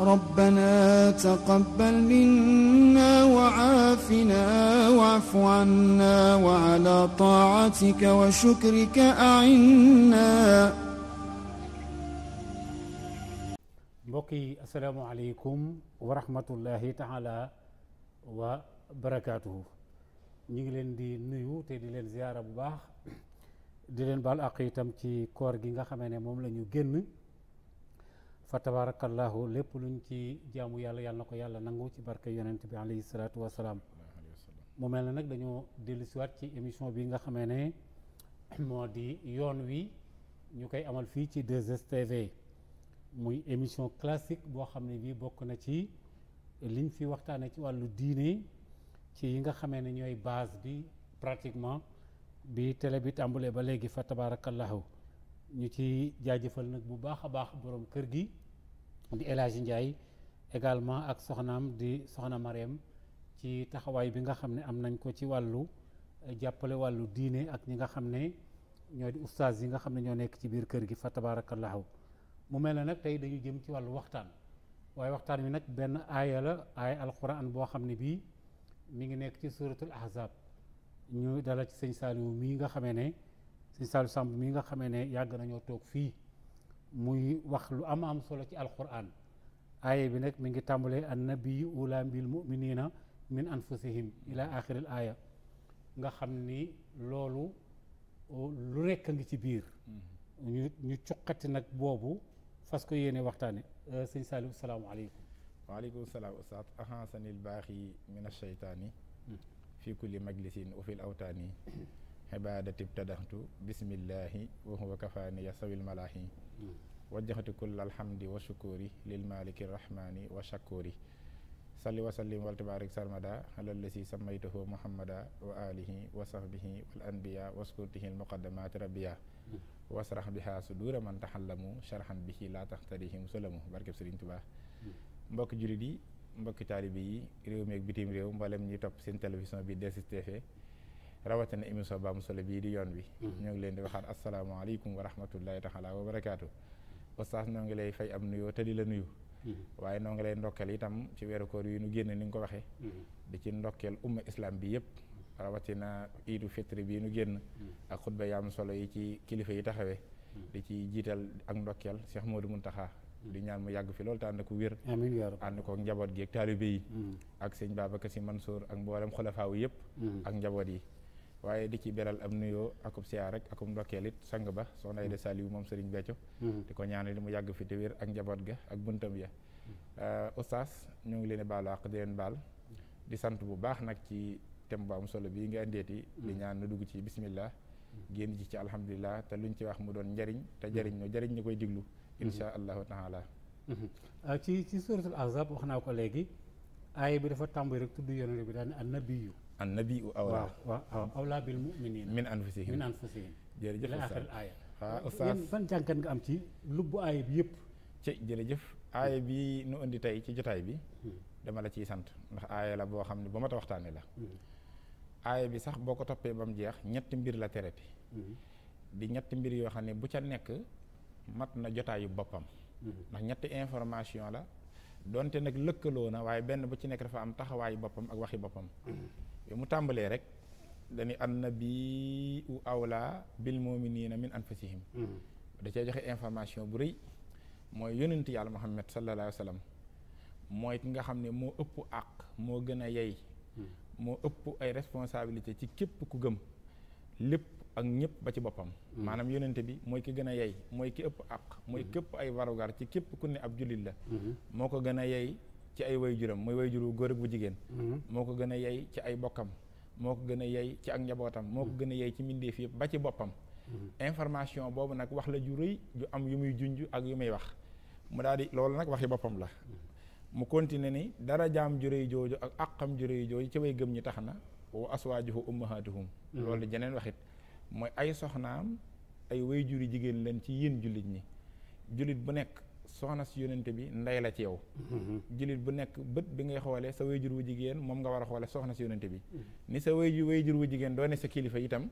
ربنا تقبل منا وعافنا واعف عنا وعلى طاعتك وشكرك أعنا mbokki asalaamaaleykum wa rahmatullahi taala wa barakaatuhu ñu ngi leen di nuyu te di leen ziyaara bu baax di leen baal àq itam ci koor gi nga xamee ne moom la ñu génn fa tabarakallahu lépp lu luñ ci jaamu yàlla yàlla na ko yàlla nangu ci barke yonent bi alayhi salaatu wasalaam mu mel na nag dañoo dellu ci émission bi nga xamee ne moo di yoon wi ñu koy amal fii ci 2STV muy émission classique boo xam ne bii bokk na ci liñ fi waxtaanee ci wàllu diine ci yi nga xamee ne ñooy base bi pratiquement bi télé bi tàmbalee ba léegi fa tabarakallahu ñu ci jaajëfal nag bu baax a baax borom kër gi di El Hadji Ndiaye également ak soxnaam di soxna Marème ci taxawaay bi nga xam ne am nañ ko ci wàllu eh, jàppale wàllu diine ak ñi nga xam ne ñoo di ustaas yi nga xam ne ñoo nekk ci biir kër gi fa tabarakallahu mu mel ne nag tey dañu jëm ci wàllu waxtaan waaye waxtaan wi nag benn aaya la aay alxuraan boo xam ne bii mu ngi nekk ci suratul ahzab ñu dala ci sëñ Saliou mii nga xamee ne sëñ Saliou Samb mii nga xamee ne yàgg nañoo toog fii muy wax lu am am solo ci alquran aaya bi nag mi ngi tàmbalee an nabiyu ula mbil muminina min anfusihim ila axiril aaya nga xam ni loolu lu nekk ngi ci biir mm-hmm. ñu ñu cuqati nag boobu fas ko yéene waxtaane euh, sëñ Saliou salaamaaleykum waaleykum salaam ustaad ahansanil baaxi min asheytaani mm. fi kulli majlisin wa fil awtaani xibaadati btadaxtu bismillahi wa huwa kafaani yasawil malaahi hmm. wajjaxatu kull alhamdi wa shukuri lil maliki rahmani wa shakuri salli wa sallim wal tabaarik sarmada alallasi samaytuhu muhammada wa alihi wa sahbihi wal anbiya waskurtihi almuqaddamaati rabbiya hmm. wasrax biha sudura man taxallamu sharxan bihi laa taxtarihim sulamu barkeb Sëriñ Tuubaa hmm. mbokki jullit yi mbokki taalibe yi réew mi ak bitim réew mboolem ñi topp seen télévision bi 2STV rawatina émission ba mu solo bii di yoon bi mm. ñoo ngi leen di waxaat asalaamaaleykum wa rahmatullahi taala wa barakaatu oustaz noo ngi lay fay am nuyoo te di la nuyu mm. waaye noo ngi lay ndokkeel itam ci weeru koor yi nu génn ni nga ko waxee mm. di ci ndokkeel umma islam bi yëpp rawatina iidu fitri bii nu génn ak xutba yaam solo yi ci kilifa yi taxawee di ci jiital ak ndokkeel Cheikh Modou Mountakha di ñaan mu yàgg fi loolu te ànd ko wér ànd ko njaboot gi ak sëñ Babacar Si Mansour ak mboolem xulafaawu yëpp ak njaboot yi waaye di ci beral am nuyoo akub siyaar rek akub ndokkeel sang ba soo soxna Aida mm. Saliou moom Serigne Béthio mm. di ko ñaanal li mu yàgg fi te wér ak njaboot ga ak buntam ya mm. euh, oustaz ñoo ngi leen baalu àq di baal di sant bu baax nag ci thème bu solo bii nga indeeti di ñaan nu dugg ci bismillah génn ji ci alhamdulilah te luñ ci wax mu doon njariñ te jariñ no jariñ ñu koy diglu mm-hmm. insha allah taala mm-hmm. euh, ci ci suratul ahzab wax naa ko léegi aaya bi dafa tàmbali rek tudd yonent bi daal ne an nabi u awlaa waaw awlaa bil muminina min anfusihim min anfusihim jërëjëf ila axir aaya waaw oustaz ban jànkat nga am ci lubbu aaya bi yëpp ci jërëjëf aaya bi nu indi tey ci jotaay bi hmm. dama la ciy sant ndax aaya la boo xam ne ba mat a waxtaane la hmm. aaya bi sax boo ko toppee ba mu jeex ñetti mbir la traité hmm. di ñetti mbir yoo xam ne bu ca nekk mat na jotaayu boppam ndax ñetti information la donte nag lëkkaloo na waaye benn bu ci nekk dafa am taxawaayu boppam ak waxi boppam yow mu tàmbalee rek dañu annabiu awla bil muminina min anfusihim da cee joxe information bu rëy mooy yonent yàlla muhammad sallallahu alayhi mooy nga xam ne moo ëpp àq moo gën a yey hmm. moo ëpp ay responsabilité ci képp ku gëm lépp ak ñëpp ba ci boppam mm. maanaam yonente bi mooy ki gën a yey mooy ki ëpp àq mooy mm. képp ay warugar ci képp ku ne ab jullit la mm-hmm. moo ko gën a yey ci ay way juram mooy way jur wu góor ak bu jigéen mm-hmm. moo ko gën a yey ci ay bokkam moo ko gën a yey ci ak njabootam moo ko mm. gën a yey ci mbindeef yëpp ba ci boppam mm-hmm. information boobu nag wax la ju rëy ju am yu muy junj ak yu muy wax mu daal di loolu nag waxi boppam la mu continué ni dara jaam ju jooju ak àqam ju rëy jooju ci gëm ñi tax na wa aswaajuhu ummahatuhum loolu jeneen waxit mooy ay soxnaam ay wayjuri jigéen leen ci yéen jullit ni jullit bu nekk soxna si yónnente bi ndey la ci yow mm-hmm. jullit bu nekk bët bi ngay xoole sa wayjur wu jigéen moom nga war a xoole soxna si yónnente bi mm-hmm. ni sa wayjur wayjur wu jigéen doone sa kilifa itam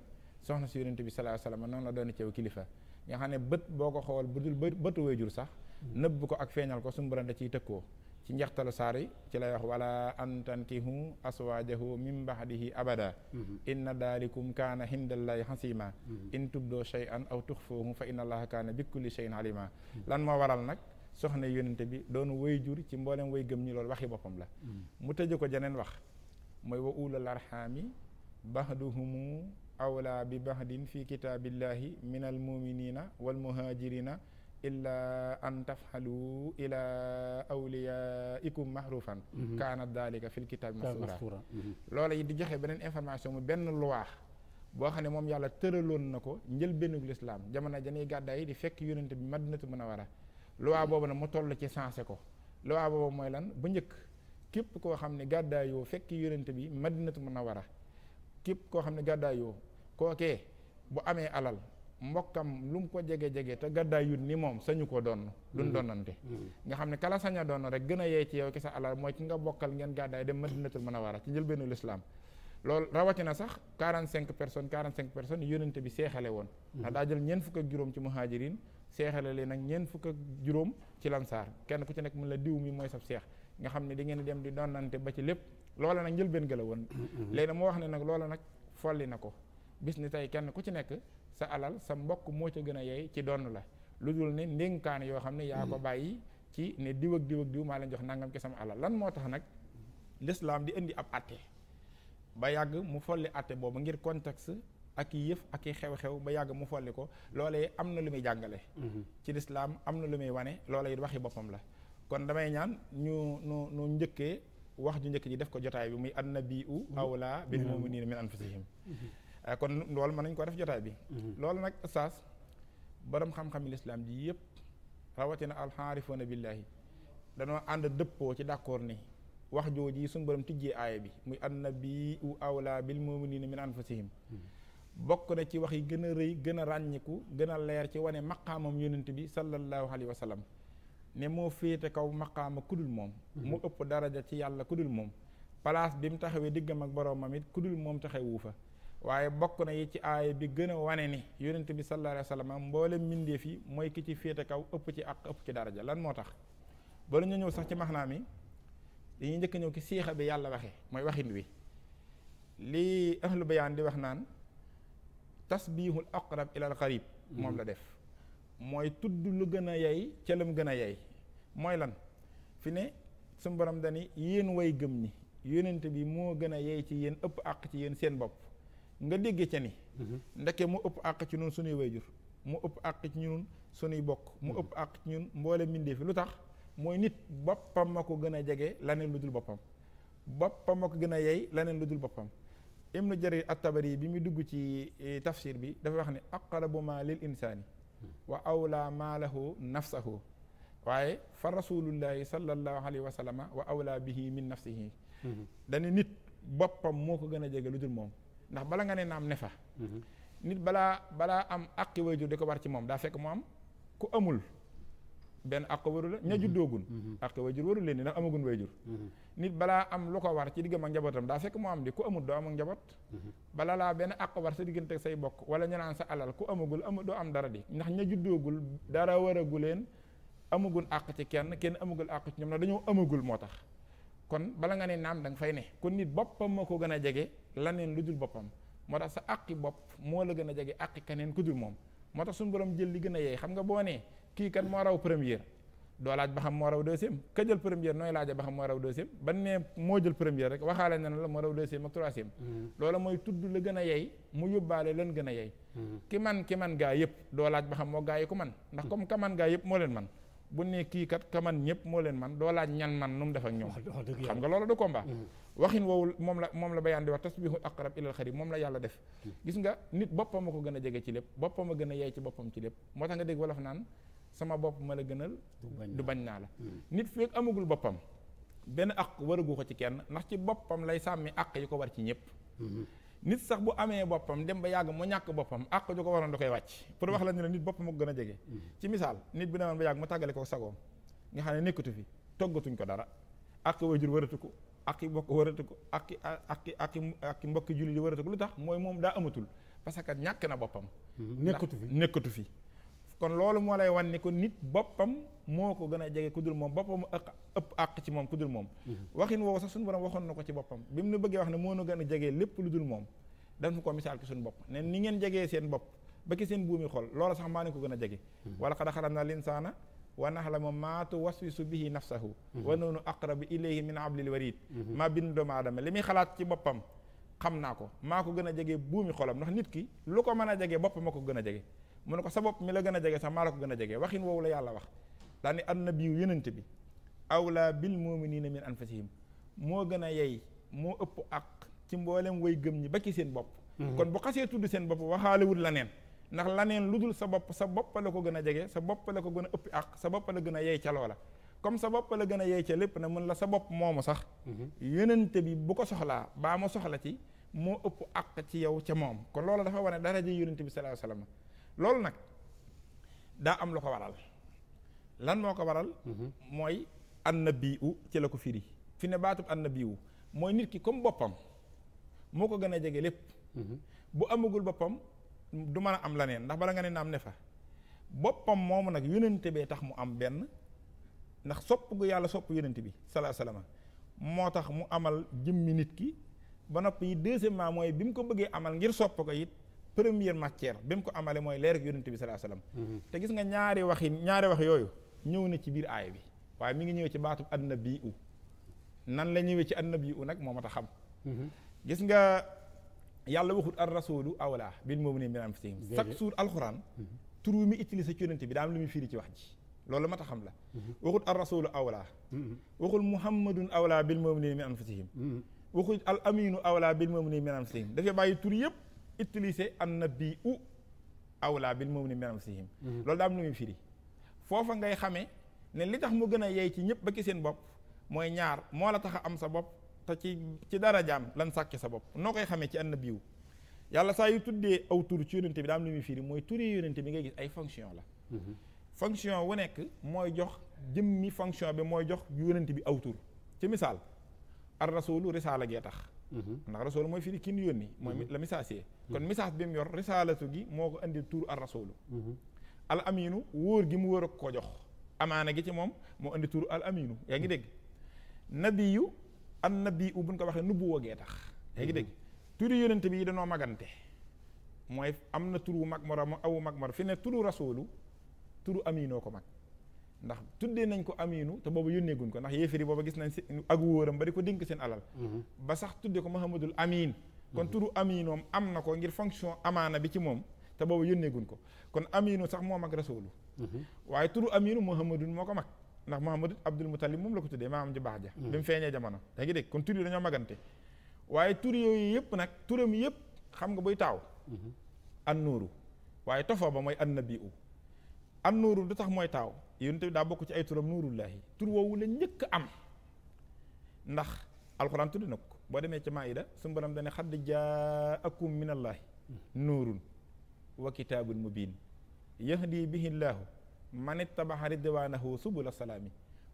soxna si yónnente bi sallallahu alayhi wasallam noonu la doone ci yow kilifa nga xam ne bët boo ko xool bu dul bëtu wayjur sax mm-hmm. nëbb ko ak feeñal ko sumbura da ciy tëkkoo ci njeextalu saar yi ci la wax wala an tankihu aswaajahu min baxdihi abada mm-hmm. inna daalikum kaana hindallahi xasima mm-hmm. in tubdoo shay'an aw tuxfuuhu fa inna allaha kaana bi kulli shay'in alima mm-hmm. lan moo waral nag soxna yonente bi doon way jur ci mboolem way gëm ñi loolu waxi boppam la mu tëje ko jeneen wax mooy wa ulul arxaami baxduhumu awla bi baxdin fi kitaabillahi min almuminina walmuhajirina illaa an tafxalu ilaa awliyaikum mahrufan mhm. kaana dalika fil kitaabi masura mhm. loola yi di joxe beneen information mu benn luwaax boo xam ne moom yàlla tëraloon na ko njël bennug lislaam jamono januy gàddaay di fekk yonante bi madinatu munawara luwaa boobu nag mu toll ci sensé ko luwaa boobu mooy lan bu njëkk képp koo xam ne gàddaayoo fekk yónente bi madinatu munawara képp koo xam ne gàddaayoo kookee bu amee alal mbokkam lu mu ko jege-jege te gàddaay yut ni moom sañu ko doon duñ mm. donnante mm. nga xam ne kala sañ a doon rek gën a yee ci yow ki sa alal mooy ki nga bokkal ngeen gàddaay dem a munawara ci njëlbeenu lislaam loolu rawatina sax quarante cinq personnes quarante cinq personnes yónnante bi seexale woon mm. ndax daa jël ñeent fukk ak juróom ci muhajirin seexale leen nag fukk ak juróom ci lansaar kenn ku ci nekk mun la diw mi mooy sab seex nga xam ne di ngeen dem di donante ba ci lépp loola nag njëlbeen ga woon léegi nag moo wax ne nag loola nag folli na ko bis tey kenn ku ci nekk sa alal sa mbokk moo ci gën a yey ci donn la lu dul ne ndénkaan yoo xam ne yaa ko mm. bàyyi ci ne diw ak diw maa leen jox nangam ci sama alal lan moo tax nag lislaam di indi ab àtte ba yàgg mu folli àtte boobu ngir context ak i yëf ak i xew-xew ba yàgg mu folli ko loolee am na lu muy jàngale mm-hmm. ci lislaam am na lu muy wane loola it waxi boppam la kon damay ñaan ñu nu nu njëkkee wax ju njëkk ji def ko jotaay bi muy annabiu awla bil muminina min anfusihim mm-hmm. Ah, kon loolu mën nañ ko def jotaay bi mhm. loolu nag ustaas boroom xam-xami lislaam ji yëpp rawatina alxaarifoona billaahi danoo ànd dëppoo ci d'accord ni wax jooju yi suñu borom tijjee aaya bi muy annabi u awla bil muminina min anfusihim mhm. bokk na ci wax yi gën a rëy gën a ràññiku gën a leer ci wane maqaamam yonent bi sallallahu alayhi wa sallam ne moo féete kaw maqaama kudul moom mhm. mu ëpp daraja ci yàlla kudul moom place bi mu taxawee diggam ak boroomam it kudul moom taxawuu fa waaye bokk na yi ci aaya bi gën a wane ni yonent bi sallallahu alayhi wa sallam mboolem mbindeef yi mooy ki ci féete kaw ëpp ci àq ëpp ci daraja lan moo tax bala ñu ñëw sax ci maxnaa mi dañuy njëkk ñëw ki siixa bi yàlla waxe mooy waxin wi lii ahlu bayaan di wax naan tasbihul aqrab ilal qarib moom la def mooy tudd lu gën a yey ca lam gën a yey mooy lan fi ne suñu borom dani yéen way gëm ñi yonent bi moo gën a yey ci yéen ëpp àq ci yéen seen bopp nga déggee ca ni mhm. ndeke mu ëpp àq ci ñun suñuy wayjur mu ëpp àq ci suñuy bokk mu mhm. ëpp àq ci ñun mboole mbindee fi lu tax mooy nit boppam ma ko gën a jege laneen lu dul boppam boppam ma ko gën a yey laneen lu dul boppam ibnu jarir at-tabari bi muy dugg ci eh, tafsir bi dafa wax ne aqrabu ma lil insaani wa awla ma lahu nafsahu waaye fa rasulullahi sallallahu alayhi wa sallama wa awla bihi min nafsihi mhm. dañu nit boppam moo ko gën a jege lu dul moom ndax bala nga ne naam ne fa. Mhm. nit balaa balaa am àqi waajur di ko war ci moom daa fekk mu am ku amul benn àq waru la ña mhm. juddoogun mhm. àqi waajur waru leen ni ndax amagun waajur nit balaa am lu ko war ci diggam ak njabootam daa fekk mu am di amul doo njaboot bala laa benn àq sa diggante say bokk wala ñu naan sa alal ku amagul amu doo am dara di ndax ña juddoogul dara waragu leen amagun àq ci kenn kenn amagul àq ci ñoom ndax dañoo amagul moo tax kon bala nga ne naam da nga fay ne kon nit boppam moo ko gën a jege neen lu dul boppam moo tax sa àqi bopp moo la gën a jege àqi keneen ku dul moom moo tax suñu borom jël li gën a yeey xam nga boo nee kii kat moo raw première doo laaj ba xam moo raw deuxième ka jël première nooy laaja ba xam moo raw deuxième ban moo jël première rek waxaale na la moo raw deuxième ak troisième mm-hmm. loola mooy tudd la gën a yey mu yóbbaale lan gën a yey mm-hmm. ki man ki man gaa yëpp doo laaj ba xam moo gaa yi ko man ndax mm-hmm. comme ka man gaa yëpp moo leen man bu ne kii kat man ñëpp moo leen man doo laaj ñan man nu mu def ak ñoom xam nga loolu du combat mm-hmm. waxin woowul moom la moom la bayaan di wax tasbihu aqrab ilal xarit moom la yàlla def mm-hmm. gis nga nit boppam a ko gën a jege ci lépp boppam a gën a yey ci boppam ci lépp moo tax nga dégg wolof naan sama bopp ma la gënal du bañ naa la mm-hmm. nit feeg amagul boppam benn àq waragu ko ci kenn ndax ci boppam lay sàmmi àq yi ko war ci ñëpp nit sax bu amee boppam dem ba yàgg mu ñàkk boppam àq ju ko waroon da koy wàcc pour wax la ne la nit boppam ko gën a jege mm-hmm. ci misaal nit bi demoon ba yàgg mu tàggale ko sagoom nga xam ne nekkatu fi toggatuñ ko dara ak waajur waratu ko ak yi bokk waratu ko àq ak ak àq mbokki julli di waratu ko lu tax mooy moom daa amatul parce que ñàkk na boppam mm-hmm. nekkatu fi nekkatu fi kon loolu moo lay wan ni ko nit boppam moo ko gën a jege ku dul moom boppam ëpp ëpp àq ci moom ku dul moom mm-hmm. waxin woowu sax suñu borom waxoon na ko ci boppam bi mu nu bëggee wax ne moo nu gën a jege lépp lu dul moom dañu ko misaal ci suñu bopp ne ni ngeen jegee seen bopp ba ki seen buumi xol loolu sax maa ne ko gën a jege mm-hmm. wala xad xalaqnaa l-insaana wa na'lamu maa tuwaswisu bihi nafsuhu mm-hmm. wa nahnu aqrabu ilayhi min hablil wariid maa bind doomu aadama li muy xalaat ci boppam xam naa ko maa ko gën a jege buumi xolam ndax nit ki lu ko mën a jege boppam ma ko gën a jege mu ne ko sa bopp mi la gën a jege sax maa la ko gën a jege waxin woowu la yàlla wax daal ni annabiyu yonent bi awla bil ne min anfusihim moo gën a yey moo ëpp ak ci mboolem way gëm ñi ba ci seen bopp mhm. kon bu xasee tudd seen bopp waxaalewul la neen ndax laneen lu dul sa bopp sa bopp la ko gën a jege sa bopp la ko gën a ëpp ak sa bopp la gën a yey ca loola comme sa bopp la gën a yey ca lépp na mën la sa bopp moomu sax mhm. yonente bi bu ko soxlaa baa ma soxla ci moo ëpp ak ci yow ca moom kon loola dafa wane daraja yonente bi sallallahu alayhi wasallam loolu nag daa am lu ko waral lan moo ko waral mhm. mooy annabiu ci la ko firi fi ne baatub annabiu mooy nit ki comme boppam moo ko gën a jege lépp mhm. bu amagul boppam du mën a am leneen ndax bala nga ne naam ne fa boppam moomu nag yónnante bee tax mu am benn ndax sopp gu yàlla sopp yónnante bi salaa salaama moo tax mu amal jëmmi nit ki ba noppi deuxièmement mooy bi mu ko bëggee amal ngir sopp ko it première matière bi mu ko amale mooy leer ak yonente bi sallallahu alayhi mhm. te gis nga ñaari wax yi ñaari wax yooyu ñëw na ci biir aay bi waaye mi ngi ñëwee ci baatub annabi u nan la ñëwee ci annabi u nag moo mat a xam mhm. gis nga yàlla waxut ar rasulu awla bil mu'minina min anfusihim chaque suur alxuraan mhm. turu mi utilisé ci bi daa am lu muy ci wax ji loolu mat a xam la waxut ar rasulu awla waxul muhammadun awla bil mu'minina min anfusihim waxul al aminu awla bil mu'minina min anfusihim dafay bàyyi tur yëpp utiliser ànn nabi u awla bil mu'mini min anfusihim mhm. loolu daa am lu muy firi foofa ngay xamee ne li tax mu gën a yey ci ñëpp ba ki seen bopp mooy ñaar moo la tax a am sa bopp te ci ci darajaam lan sàkke sa bopp noo koy xamee ci an biiw yàlla saa yu tuddee aw tur ci yonente bi daa am lu muy firi mooy turi yonente bi ngay gis ay fonction la mhm. fonction wu nekk mooy jox jëmmi fonction bi mooy jox yonente bi aw tur ci misaal ar rasulu risaala gee tax Mm-hmm. ndax rasoolu mooy firi ki ñu yónni mooy mm-hmm. la message mm-hmm. kon message bi mu yor risaalatu gi moo ko indi tur ar rasoolu al aminu wóor gi mu wóor ak ko jox amaane gi ci moom moo indi tur al aminu yaa ngi dégg nabiyu an nabiyu buñ ko waxee nubbu woogee tax yaa ngi dégg turi yónente bi danoo magante mooy am na wu mag moro awu mag moro fi ne turu rasoolu turu aminoo ko mag ndax tuddee nañ ko aminu te boobu yónneeguñ ko ndax yéefiri booba gis nañ si ak wóoram ba di ko dénk seen alal mhm. ba sax tudde ko mahamadul amin kon mhm. turu aminoom am na ko ngir fonction amaana bi ci moom te boobu yónneeguñ ko kon aminu sax moo mag rasulu mhm. waaye turu aminu muhammadun moo ko mag ndax muhammadu abdul mutalib moom la ko tuddee maam ji baax ja bi mu feeñee jamono da ngi dégg kon tur dañoo magante waaye tur yooyu yëpp nag turam yëpp xam nga buy taaw an nuuru waaye tofa ba mooy annabi u am nuuru du tax mooy taaw yonent bi daa bokk ci ay turam nuurullaahi tur woowu la njëkk am ndax alxuraan tudd na ko boo demee ci maayida suñu borom dane xadd jaakum minallaahi nuurun wa kitaabun mubiin yahdi bihillaahu man ittabaxa ridwaanahu subula salaami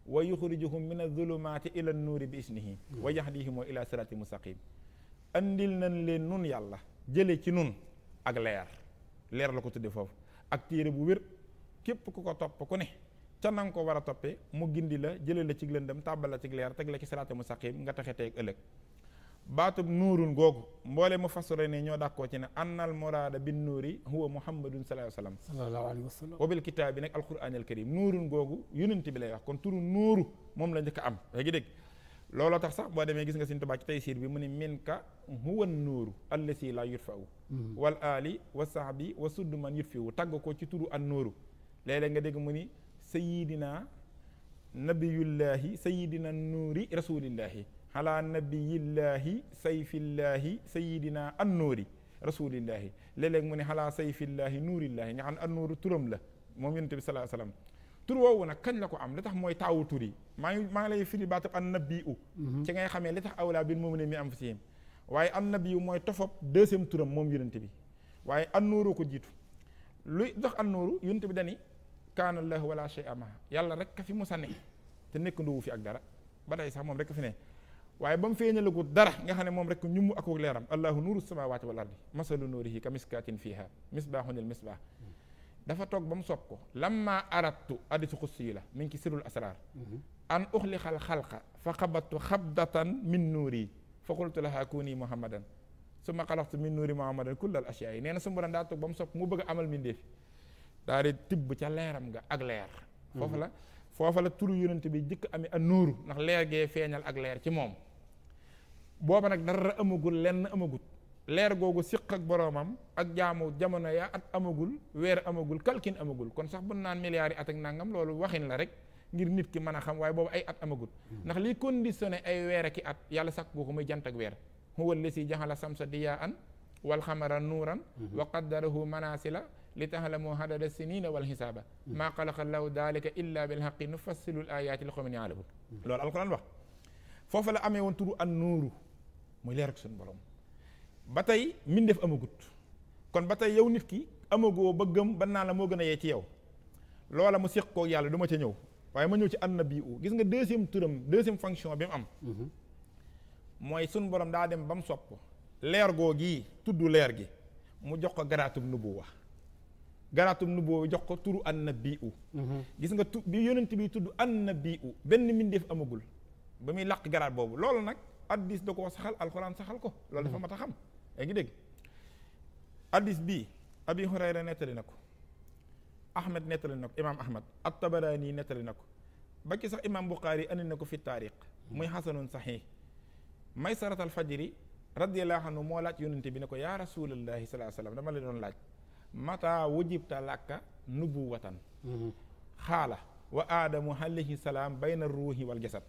wa yuxrijuhum min azulumaati ila nuuri bi isnihi wa yahdihim ila siraati mustaqim andil nañ leen nun yàlla jële ci nun ak leer leer la ko tudde foofu ak téere bu wér képp ku ko topp ku ne ca na ko war a toppee mu gindi la jëlee la ci lëndëm tàbbal la ci leer teg la ci siraate mustaqim nga taxe te ëllëg baatub nuurun googu mboole mu fasore ne ñoo dàkkoo ci ne annal muraada bin nuuri huwa muhammadun sallallahu alayhi wa sallam wa bil kitaabi nag alquran al karim nuurun googu yonent bi lay wax kon turu nuuru moom la njëkk am yaa ngi dégg looloo tax sax boo demee gis nga Sëriñ Tuubaa ci taysiir bi mu ne min ka huwa nuuru allasi la yutfa u mm-hmm. wal aali wa sahbi wa sudd man yutfi wu tagg ko ci turu an nuuru léeg nga dégg mu ni sayidina nabiyullahi sayidina nuuri rasulillahi ala nabiyillahi sayfillahi sayidina an nuuri rasulillahi léeg-léeg mu ne xalaa sayfillahi nuurillahi nga xam ne an nuuru turam la moom yonent bi salaa salaam tur woowu nag kañ la ko am li tax mooy taawu tur maa ngi maa ngi lay firi baatu an nabi mhm. ci ngay xamee li tax awlaa bil mu'miniina mi am fi siyim waaye an nabi u mooy tofop deuxième turam moom yonent bi waaye an nuuru ko jiitu luy dox an nuuru kaana lahu wala shay ama yàlla rek ka fi musa ne te nekk nduwu fi ak dara ba tey sax moom rek fi ne waaye ba mu feeñalagu dara nga xam ne moom rek ñum akuk leeram allahu nuuru samawaati wal ardi masalu nuurihi ka miskaatin fiiha misbaaxunil misbaax dafa toog ba mu soob ko lamma arattu hadiisu xudsi yi la mi ngi ci sirul asraar an uxliqal xalqa fa xabattu xabdatan min nuuri fa qultu laha kuuni muhammadan summa xalaqtu min nuuri muhammadan kullal asyaa yi nee na su mu daa toog ba mu soob mu bëgg amal mbindeef daa di tibb ca leeram nga ak leer foofu la foofa la turu yonent bi jëkk amee a nuuru ndax leer gee feeñal ak leer ci moom booba nag dara amagul lenn amagut leer googu siq ak boroomam ak jaamu jamono yaa at amagul weer amagul kalkin amagul kon sax bu naan milliards yi at ak nangam loolu waxin la rek ngir nit ki mën a xam waaye boobu ay at amagul ndax liy conditionné ay weer ak i at yàlla sàkk googu muy jant ak weer huwa allazi jaxala samsa diyaan wal xamara nuuran wa qaddarahu manasila li taalamu adada sinina wal xisaaba maa xalaqa lahu dalika illa bilxaqi nufassilu l ayaati li xawmin yaalamun loolu alquran wax foofu la amee woon turu an nuuru muy leer ak suñu borom ba tey min def amagut kon ba tey yow nit ki amagoo ba gëm ba naa la moo gën a yee ci yow loola mu séq koo yàlla duma ma ca ñëw waaye ma ñëw ci annabi u gis nga deuxième turam deuxième fonction bi mu am mooy suñu borom daa dem ba mu sopp leer goo gii tudd leer gi mu jox ko bu wax garaatum nubuwa jox ko turu annabiu mhm. gis nga tu bi yonent bi tudd annabiu benn mbindeef amagul ba muy làq garaat boobu loolu nag addis da ko saxal alxuraan saxal ko loolu dafa mhm. mat a xam yaa ngi dégg addis bii abi na ko ahmed nettali na ko imaam ahmed at tabaraani nettali na ko ba ci sax imaam buxaari andi na ko fi taariq muy xasanun saxiix may saratal fajiri radiyallahu anhu moo laaj yonent bi ne ko yaa rasuulallahi sallallahu alayhi wa dama la doon laaj mata wujibta làkka nubbu watan mm-hmm. xaala wa aadamu alayhi salaam bayna ruuhi wal jasad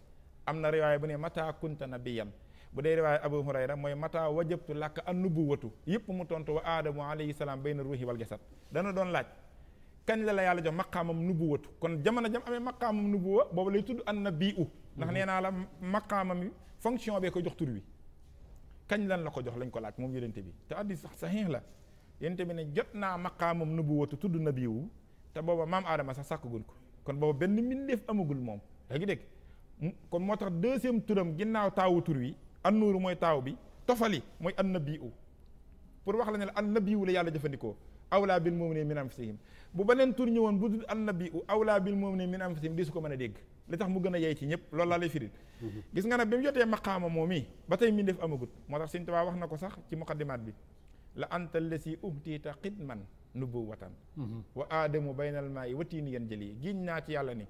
am na riwaaya bu ne mata kunta nabiyan bu dee riwaaya abu hurayra mooy mata wajabtu làkk an nubbu watu yëpp mu tontu wa aadamu alayhi salaam bayna ruuhi wal jasad dana doon laaj kañ la la yàlla jox maqaamam nubbu watu kon jamono jam amee maqaamam nubbu wa boobu lay tudd an nabiu ndax nee naa la maqaamam yi bee ko jox tur wi kañ lan la ko jox lañ ko laaj moom yonente bi te sax saxiix la yonent bi ne jot naa maqaamam nubuwatu tudd nabiwu te booba maam aadama sax sàkkagul ko kon booba benn mbindeef amagul moom yaa ngi dégg kon moo tax deuxième turam ginnaaw taawu tur wi annuuru mooy taaw bi tofali mooy and pour wax la ne la annabiu la yàlla jëfandikoo awlaa bil mu'miniina min anfusihim bu beneen tur ñëwoon bu dul annabiu awlaa bil mu'miniina min anfusihim di su ko mën a dégg li tax mu gën a yey ci ñëpp loolu laa lay firil mm-hmm. gis nga nag bi mu jotee maqaama moom i ba tey mbindeef amagut moo tax Sëñ wax na ko sax ci muqaddimaat bi la anta lesi ubtiita xidman nubuwatan mhm. wa aadamu baynal maa i watiini yan jëli giñ naa ci yàlla ni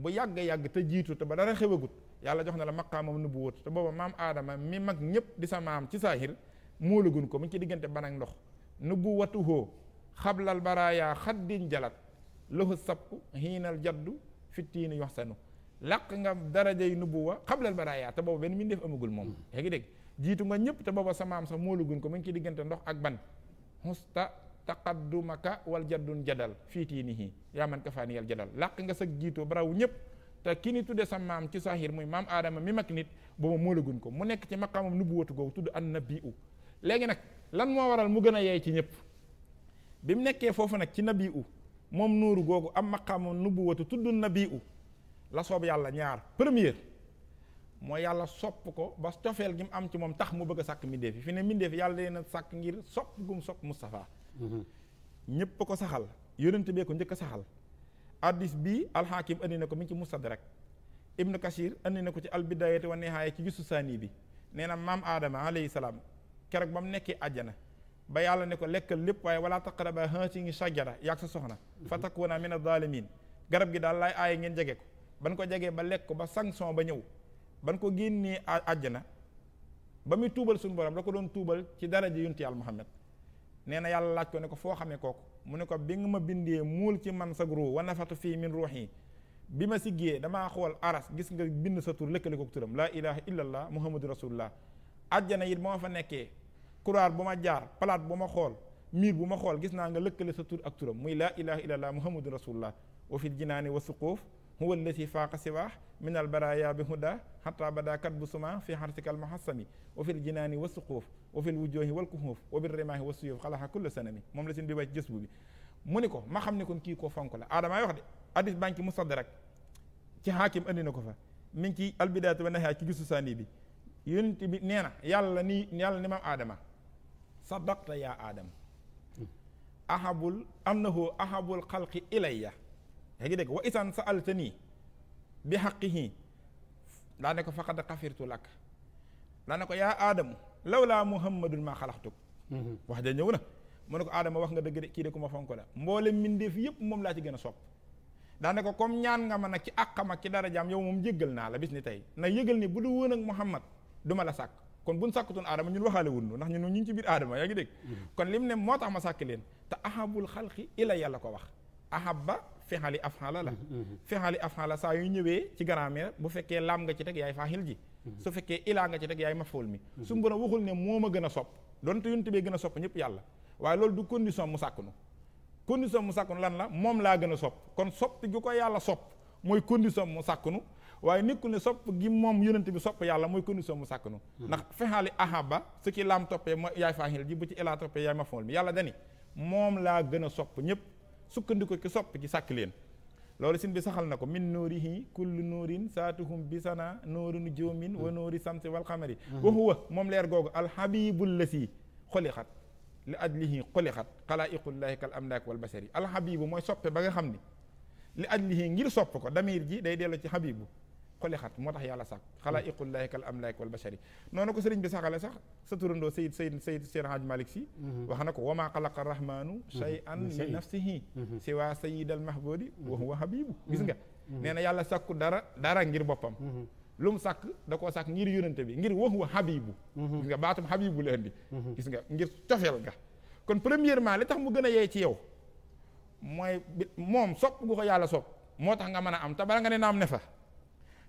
bu yàgg-yàgg te jiitu te ba dara xewagut yàlla jox na la maqaamam nubuwat te booba maam aadama mi mag ñëpp di sa maam ci saahir moolagun ko mu ngi ci diggante ban ak ndox nubuwatuhoo xablal baraayaa xaddin jalat loxu sabku xiinal jaddu fittiini yoxsanu làq nga darajay nubuwa xablal baraayaa te booba benn mbindeef amagul moom mhm. yaa ngi dégg jiitu nga ñëpp te booba sa maam sax moolaguñ ko mu ngi ci diggante ndox ak ban xusta taqaddumaka wal jaddun jadal fiitiinihi yaa man kafaani yal jadal làq nga sag jiitu baraw ñëpp te ki ni tudde sa maam ci saaxiir muy maam aadama mi mag nit booba moolaguñ ko mu nekk ci maqaamam nubuwatu googu tudd an nabiu léegi nag lan moo waral mu gën a yeey ci ñëpp bi mu nekkee foofu nag ci nabiu moom nuuru googu am maqaamam nubuwatu tudd nabiu la soob yàlla ñaar première mooy yàlla sopp ko ba cofeel gi mu am ci moom tax mu bëgg sàkk mbindeef yi fi ne mbindeef yi yàlla leen sàkk ngir sopp mu sopp Moustapha mhm. ñëpp ko saxal yonent bee ko njëkk a saxal addis bii alxaakim andi na ko mu ci mustadrak ibnu kashir andi na ko ci albidayati wa nihaaya ci jusu saani bi neena na maam aadama alayhi salaam keroog ba mu nekkee àjjana ba yàlla ne ko lekkal lépp waaye wala taqraba haatihi shajara yaag sa soxna mhm. fa takuna min adh-dhalimin garab gi daal laay aaye ngeen jege ko ban ko jegee ba lekk ko ba sanction ba ñëw ban ko génnee àjjana ba muy tuubal suñu borom la ko doon tuubal ci dara yunti yàlla Muhammad nee na yàlla laaj ko ne ko foo xamee kooku mu ne ko bi nga ma bindee muul ci man sag ruu wa nafatu fii min ruux yi bi ma siggee damaa xool aras gis nga bind sa tur lëkkale ko turam laa ilaha illallah muhammadu rasulullah ajjana it ba ma fa nekkee kuraar bu ma jaar palaat bu ma xool miir bu ma xool gis naa nga lëkkale sa tur ak turam muy laa ilaha illallah muhammadu rasulullah wa fil jinaani wa suquuf huwa allati faaqa siwaax min albaraya bi huda ba bada kat bu suma fi xarsika almuhassami wa fi ljinaani wa suquuf wa fi lwujoohi walkuhuuf wa birrimaahi wa suyuuf xalaxa kulla sanami moom la seen bi wàcc jës bu bi mu ni ko ma xam ne ko kii koo fonk la aadamaay wax de addis baa ngi ci musadrak ci xaakim andi ko fa mi ngi ci albidaatu wa nahaa ci gisu saani bi yonent bi nee yàlla ni yàlla ni maam aadama sadaqta yaa aadama hmm. ahabul annahu ahabul yaa ngi dégg wa isan sa alta nii bi xaqihi daa ne ko faqad xafirtu lakk daa ko yaa aadamu law laa muhammadun maa xalaxtuk mhm. wax ja ñëw na mu ne ko aadama wax nga dëgg de kii de ku ma fonk la mboole mbindeef yëpp moom laa ci gën a sopp daane ne ko comme ñaan nga ma nag ci àqam ak ci darajaam yow moom jéggal naa la bis ni tey na yëgal ni bu du woon ak muhammad du ma la sàkk kon buñ sàkkutoon aadama ñun waxaale wunnu ndax ñun ñu ngi ci biir aadama yaa ngi dégg mhm. kon ne moo tax ma sàkk leen te ahabul xalqi ila yàlla ko wax fexali af'ala la mm-hmm, mm-hmm. fexali af'ala saa yu ñëwee ci grammaire bu fekkee laam nga ci teg yaay faahil ji mm-hmm. su fekkee ilaa nga ci teg yaay mafool mi su mu borom waxul ne moo a sopp donte yonent bee gën a sopp ñëpp yàlla waaye loolu du condition mu sàkknu condition mu sàkknu lan la moom laa gën a sopp kon sopp ko yàlla sopp mooy condition mu sàkknu waaye nekkul ne sopp gi moom yonent bi sopp yàlla mooy condition mu sàkknu ndax fexaali ahaba su ci laam toppee ma yaay faahil ji bu ci ilaa toppee yaay mafool mi yàlla dani moom laa gën a sopp ñëpp sukkandiku ci sopp ci sàkk leen loolu sin bi saxal na ko min nuurihi kullu nuurin saatuhum bi sana nuuri nujuumin wa nuuri samsi wal xamari mhm. wa huwa moom leer googu alxabibul lasi xolixat li ajlihi xolixat xalaayiqullaahi kal amlaak wal basari alxabibu mooy soppe ba nga xam ni li ajlihi ngir sopp ko damiir ji day delloo ci xabibu xoli moo tax yàlla sàkk mm. xalaa iqullaahi kal amlaak wal bashari noonu ko sëriñ bi saxale sax sa turandoo sayid sayid sayid seen haj malik si mm-hmm. wax na ko wama xalaqa rahmanu mm-hmm. shay'an min nafsihi mm-hmm. siwa sayidal mahbudi wa huwa habibu gis nga nee na yàlla sàkku dara dara ngir boppam lu mu sàkk da koo sàkk ngir yónente bi ngir wa huwa habibu gis nga baatum habibu la indi gis nga ngir cofeel ga kon premièrement li tax mu gën a yee ci yow mooy moom sopp gu ko yàlla sopp moo tax nga mën a am te nga ne naam ne fa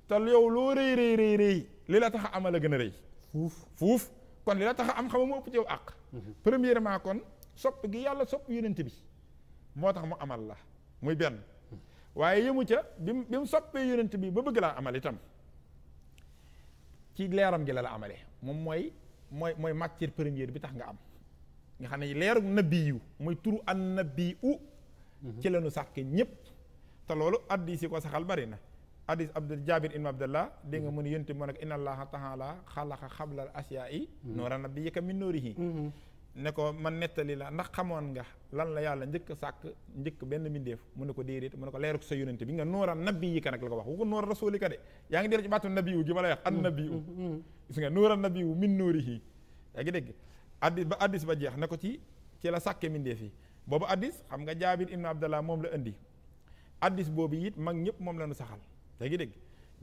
te yow loo rëy rëy rëy la tax a am a rëy. fuuf fuuf kon li tax am xam nga mu ëpp ci mhm. kon sopp gi yàlla sopp yonent bi moo tax mu amal la muy benn. Mhm. waaye yëmu ca bi mu soppee yonent bi ba bëgg laa amal itam leeram gi la amale moom mooy mooy mooy matière première bi tax nga am nga xam ne leeru nabiyu mooy turu an nabiyu mhm. ci la ñu sàkke te loolu addi si ko saxal bari na addis abdul jabir ibn abdallah dégg nga mhm. mu ne yonent bi moo nekk inna allaha taala xalaqa xablal asiyaa yi mhm. noora nabiyyika min noorihi mhm. ne ko man nettali la ndax xamoon nga lan la yàlla njëkk sàkk njëkk benn mbindeef mu ne ko déedéet mu ne ko leeru ko sa yonent bi nga nooral nabi yi ka nag la ko wax wu ko nooral rasuli de yaa ngi dellu ci baatu nabi gi ma lay wax an nabi gis nga nooral nabi min noorihi yaa ngi dégg addis ba addis ba jeex ne ko ci ci la sàkke mbindeef yi boobu addis xam nga jaabir ibn abdallah moom la indi addis boobu it mag ñëpp moom la nu saxal yaa dégg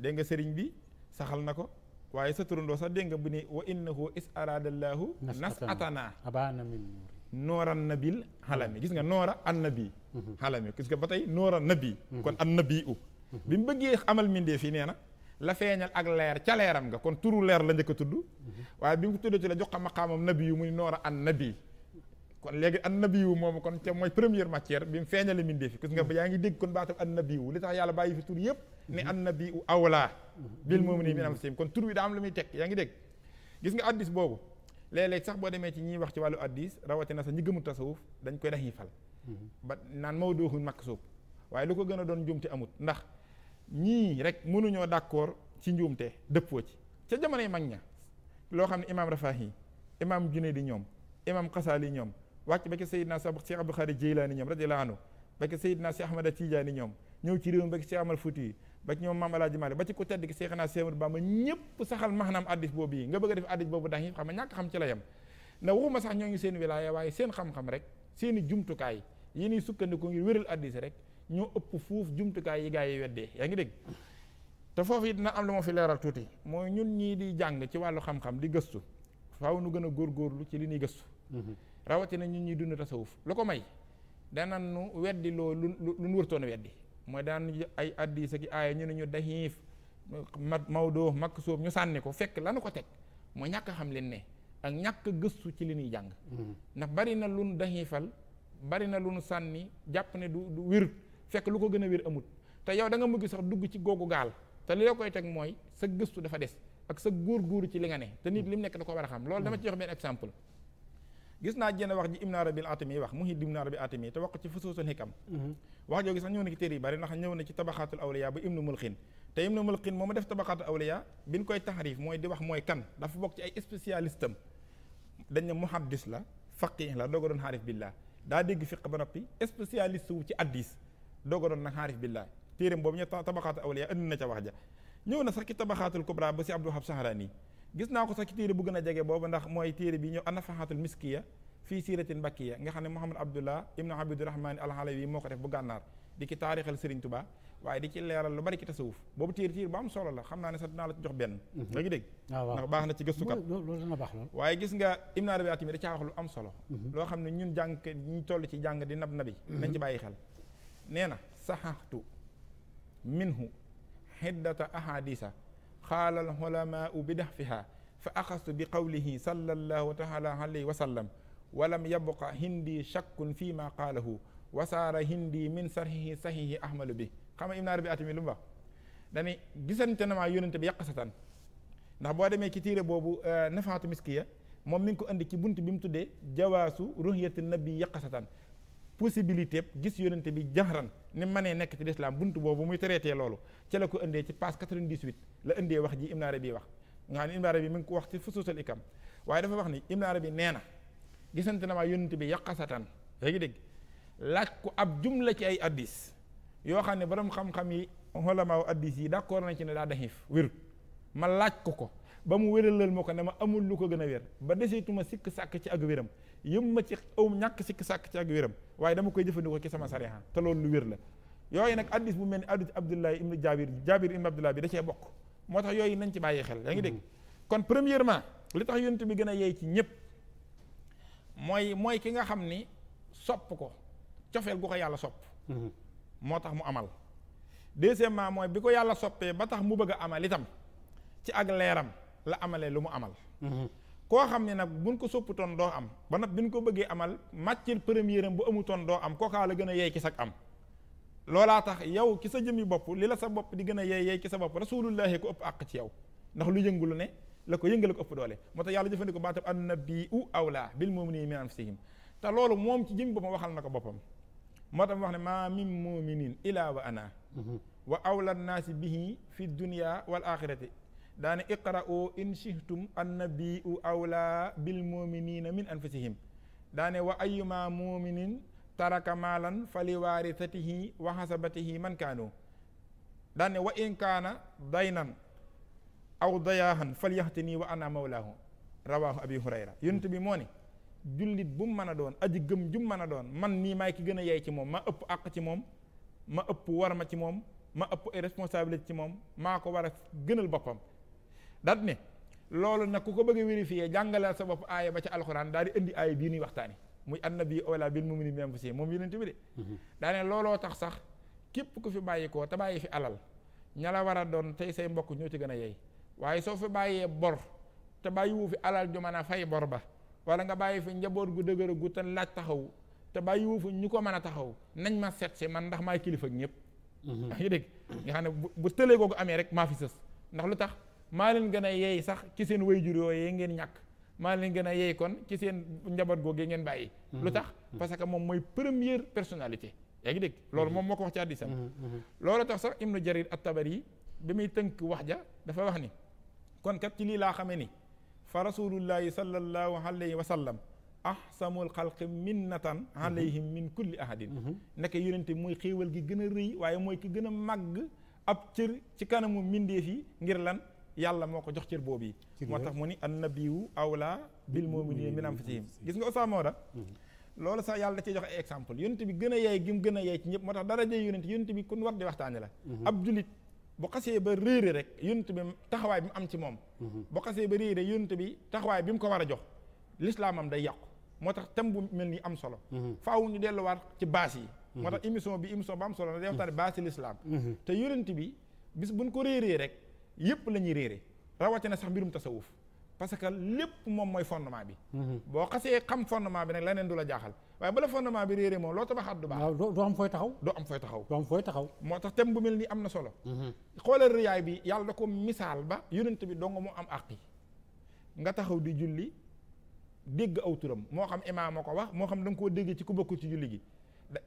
dégg nga sëriñ bi saxal na ko waaye sa turandoo sax dégg nga bu ne wa innahu is aradallahu nas atana abana min nooran nabil xalami gis nga noora an nabi xalami mhm. gis nga ba tey noora nabi mhm. kon an nabi u mhm. bi mu bëggee amal mindee fii nee na la feeñal ak leer ca leeram nga kon turu leer la njëkk tudd waaye bi mu ko ci la jox ko maqaamam nabi yu muy noora an kon léegi an moom kon mooy première matière bi mu feeñale mindee fi gis nga yaa ngi dégg kon baatam an nabiwu li tax yàlla bàyyi yëpp ni an nabi u awla bil mu'mini min anfusihim kon tur wi daa am lu muy teg yaa ngi dégg gis nga addis boobu léeg-léeg sax boo demee ci ñiy wax ci wàllu addis rawatina sax ñi gëmul tasawuf dañ koy dax yi fal mhm. ba naan mawduuhun maksuub waaye lu ko gën a doon njuumte amut ndax ñii rek mënuñoo d'accord ci njuumte dëppoo ci ca jamonoy mag ña loo xam ne imaam Rafahi imaam di ñoom imaam Xasaali ñoom wàcc ba ci Seydina Cheikh Abdou Khadir Jeylaani ñoom radiyallaahu anhu ba ci Seydina Cheikh Ahmada Tijaani ñoom ñëw ci réew mi ba ci Cheikh Amal Fuuti ba ci ñoom maam alaaji Maalik ba ci ku tedd ki Seexna Seex Bamba ñëpp saxal maxnaam addis boobu yi nga bëgg a def addis boobu dax yi xam nga ñàkk xam ci la yem seen wilaaya waaye seen xam-xam rek seeni jumtukaay yi ñuy sukkandiku ngir wéral addis rek ñoo ëpp fuuf jumtukaay yi gaa yi weddee yaa ngi dégg te foofu it dina am lu ma fi leeral tuuti mooy ñun ñii di jàng ci wàllu xam-xam di gëstu faaw nu gën a góorgóorlu ci li ñuy gëstu mhm. rawatina ñun ñuy dund tasawuf lu ko may danañu weddi loo lu lu wërtoon weddi mooy daan ay addis ak aaya ñu ne ñu mat ma mawdoo maksuub ñu sànni ko fekk lanu ko teg mooy ñàkk xam leen ne ak ñàkk gëstu ci li ñuy jàng mm-hmm. ndax bari na lu nu daxiifal bari na lu nu sànni jàpp ne du du wér fekk lu ko gën a wér amut te yow da nga mugg sax dugg ci googu gaal te li la koy teg mooy sa gëstu dafa des ak sa góor góor ci li nga ne te nit li mu nekk da ko war a xam loolu dama ci jox benn exemple gis naa jenn wax ji Ibn Arabi al-Atami wax mu Ibn Arabi al-Atami te wax ko ci Fusuusul Hikam mm-hmm. wax joogi sax ñëw na ci téere yi ñëw na ci tabaxaatul awliya ba ibnu mulxin te ibnu mulxin moom def koy taxarif mooy di mooy kan dafa bokk ci ay spécialiste am dañ ne muhaddis la faqih la dooga doon xaarif billah daa dégg fiq ba noppi spécialiste wu ci addis dooga doon nag xaarif billah téeréem boobu ñu tabaxaatul awliya indi na ca wax ja ñëw na sax ci tabaxaatul kubra ba si abdul wahab saharani gis naa ko sax ci téere bu gën a jege boobu ndax mooy téere bi ñëw anafaxaatul miskiya fii siiratin mbakkiya nga xam ne Mouhamad Abdullah ibnu Abdurahmaan alxalawi moo ko def bu gànnaar di ci taarixal Serigne Touba waaye di ci leeral lu bari ci tasawuf boobu tiir tiir bu am solo la xam naa ne sax dinaa la ci jox benn nga mhm. ngi dégg ah, ndax baax na ci gëstukat loolu dana waaye gis nga Ibn Arabi Atimi da caa wax lu am solo mhm. loo xam ne ñun jàng ñu toll ci jàng di nab nabi mhm. nañ ci bàyyi xel nee na saxaxtu minhu xiddata ahadisa xaala al xulamaa bidax fiha fa axastu bi qawlihi sallallahu taala alayhi wa sallam walam yabqa hindi shakkun fi ma qaalahu wasaara hindi min sarxihi saxihi ahmalu bi xam nga Ibn Arabi atami lu mu wax dani gisante na maa yónente bi yàq satan ndax boo demee ci téere boobu euh, nafaatu miskiya moom mi ngi ko indi ci bunt bi mu tuddee jawaasu ruhyati nabi yàq satan possibilité gis yoonante bi jaxran ni mënee nekk ci lislaam bunt boobu muy traité loolu ci la ko indee ci page 98 la indee wax ji Ibn Arabi wax nga xam mi ngi ko wax ci fusuusal ikam waaye dafa wax ni Ibn Arabi nee na gisante na maa yonut bi yaqasatan yaa ngi dégg laaj ko ab jumla ci ay addis yoo xam ne borom xam-xam yi xolamaaw addis yi d'accord nañ ci ne daa daxiif wérut ma laaj ko ko ba mu wéralal ma ko ne ma amul lu ko gën a wér ba deseetuma sikk sàkk ci ak wéram yëm ma ci aw ñàkk sikk sàkk ci ak wéram waaye dama koy jëfandikoo ci sama sariha te loolu lu wér la yooyu nag addis bu mel ni addis Abdullahi ibnu Jaabir Jaabir ibnu Abdullahi bi da cee bokk moo tax yooyu nañ ci bàyyi xel yaa ngi dégg mm-hmm. kon premièrement li tax yonent bi gën a yey ci ñëpp mooy mooy ki nga xam ni sopp ko cofeel gu ko yàlla sopp mhm. moo tax mu amal deuxièmement mooy bi ko yàlla soppee ba tax mu bëgg amal itam ci ak leeram la amalee lu mu amal mhm. koo xam ne nag buñ ko sopputoon doo am ba nag bi ñu ko bëggee amal matière première am bu amutoon doo am kookaa la gën a yeey ci sag am loolaa tax yow ci sa jëm jëmmi bopp li la sa bopp di gën a yeey yeey ki sa bopp rasulullahi ko ëpp àq ci yow ndax lu yëngu ne la ko yëngal ko ëpp doole moo tax yàlla jëfandikoo baatab annabiu awla bil muminina min anfusihim te loolu moom ci jëm boppam waxal na ko boppam moo tax mu wax ne maa min muminin ila wa ana mhm. wa awla naasi bihi fi dunia wal axirati daane iqra'u in shihtum annabiu awla bil muminina min anfusihim daane wa ayuma muminin taraka maalan fali waarisatihi wa hasabatihi man daane wa in daynan aw dayaahan fal yaxte nii wa ana mawlaahu rawaahu abi hurayra yonent bi moo ne jullit bu mu mën a doon aji gëm ju mën a doon man nii may ki gën a yey ci moom ma ëpp àq ci moom ma ëpp war ma ci moom ma ëpp ay responsabilité ci moom maa ko war a gënal boppam daat ne nag ku ko bëgg a vérifier jàngaleel sa bopp aaya ba ca alxuraan daal di indi aaya bii nuy waxtaani muy annabi awlaa bil mu'miniina min anfusihim moom yonent bi de mhm. daane looloo tax sax képp ku fi bàyyi koo te bàyyi fi alal ña la war a doon tey say mbokk ñoo ci gën a yey waaye soo fi bàyyee bor te bàyyiwu fi alal ju mën a fay bor ba wala nga bàyyi fi njaboot gu dëgër gu tan laaj taxaw te bàyyiwu fi ñu ko mën a taxaw nañ ma seet si man ndax may kilifa ak ñëpp mhm. yi dégg nga xam ne bu tëlee googu amee rek maa fi sës ndax lu tax maa leen gën a yeey sax ci seen wayjur yooyee ngeen ñàkk maa leen gën a yeey kon ci seen njaboot googee ngeen bàyyi mhm. lu tax parce que moom mooy première personnalité yaa ngi dégg mhm. loolu moom moo ko wax ci hadiisam tax sax Ibnu Jarir at-Tabari bi muy tënk wax ja dafa wax ni kon kat ci lii laa xamee ni fa rasulullahi sallallahu alayhi wa sallam ahsamul xalqi minnatan alayhim min kulli ahadin mhm. nekk yonente mooy xéewal gi gën a rëy waaye mooy ki gën a màgg ab cër ci kanamu mbindeef yi ngir lan yàlla moo ko jox cër boobu yi moo tax mu ni annabiyu awla bil muminina min anfusihim mhm. gis nga Oustaz Maodo mhm. loolu sax yàlla da cee jox ay exemple yonente bi gën a yaay gim gën a yaay ci ñëpp moo tax daraja yonente yonente bi kon war di la ab bu xasee ba réere rek yonent bi taxawaay bi mu am ci moom mhm. bu xasee ba réere yonent bi taxawaay bi mu ko war a jox lislaamam day yàqu moo tax thème bu mel ni am solo mhm. faaw ñu delluwaat ci baas yi mhm. moo tax émission bi émission bu am solo na day waxtaane baas yi lislaam te yonent bi bis buñ ko réeree rek yépp la ñuy réere rawatina sax mbirum tasawuf parce que lépp moom mooy fondement bi boo xasee xam fondement bi nag leneen du la jaaxal waaye ba la bi réeré moom loo tabaxaat du baax. waaw doo am fooy taxaw. doo am fooy taxaw. doo am fooy taxaw. moo tax thème bu mel nii am na solo. Mhm. xoolal riyaay bi yàlla da ko misaal ba. yonent bi dong moo am àq nga taxaw di julli dégg aw turam moo xam imaam moo ko wax moo xam da nga koo déggee ci ku bokkul ci julli gi.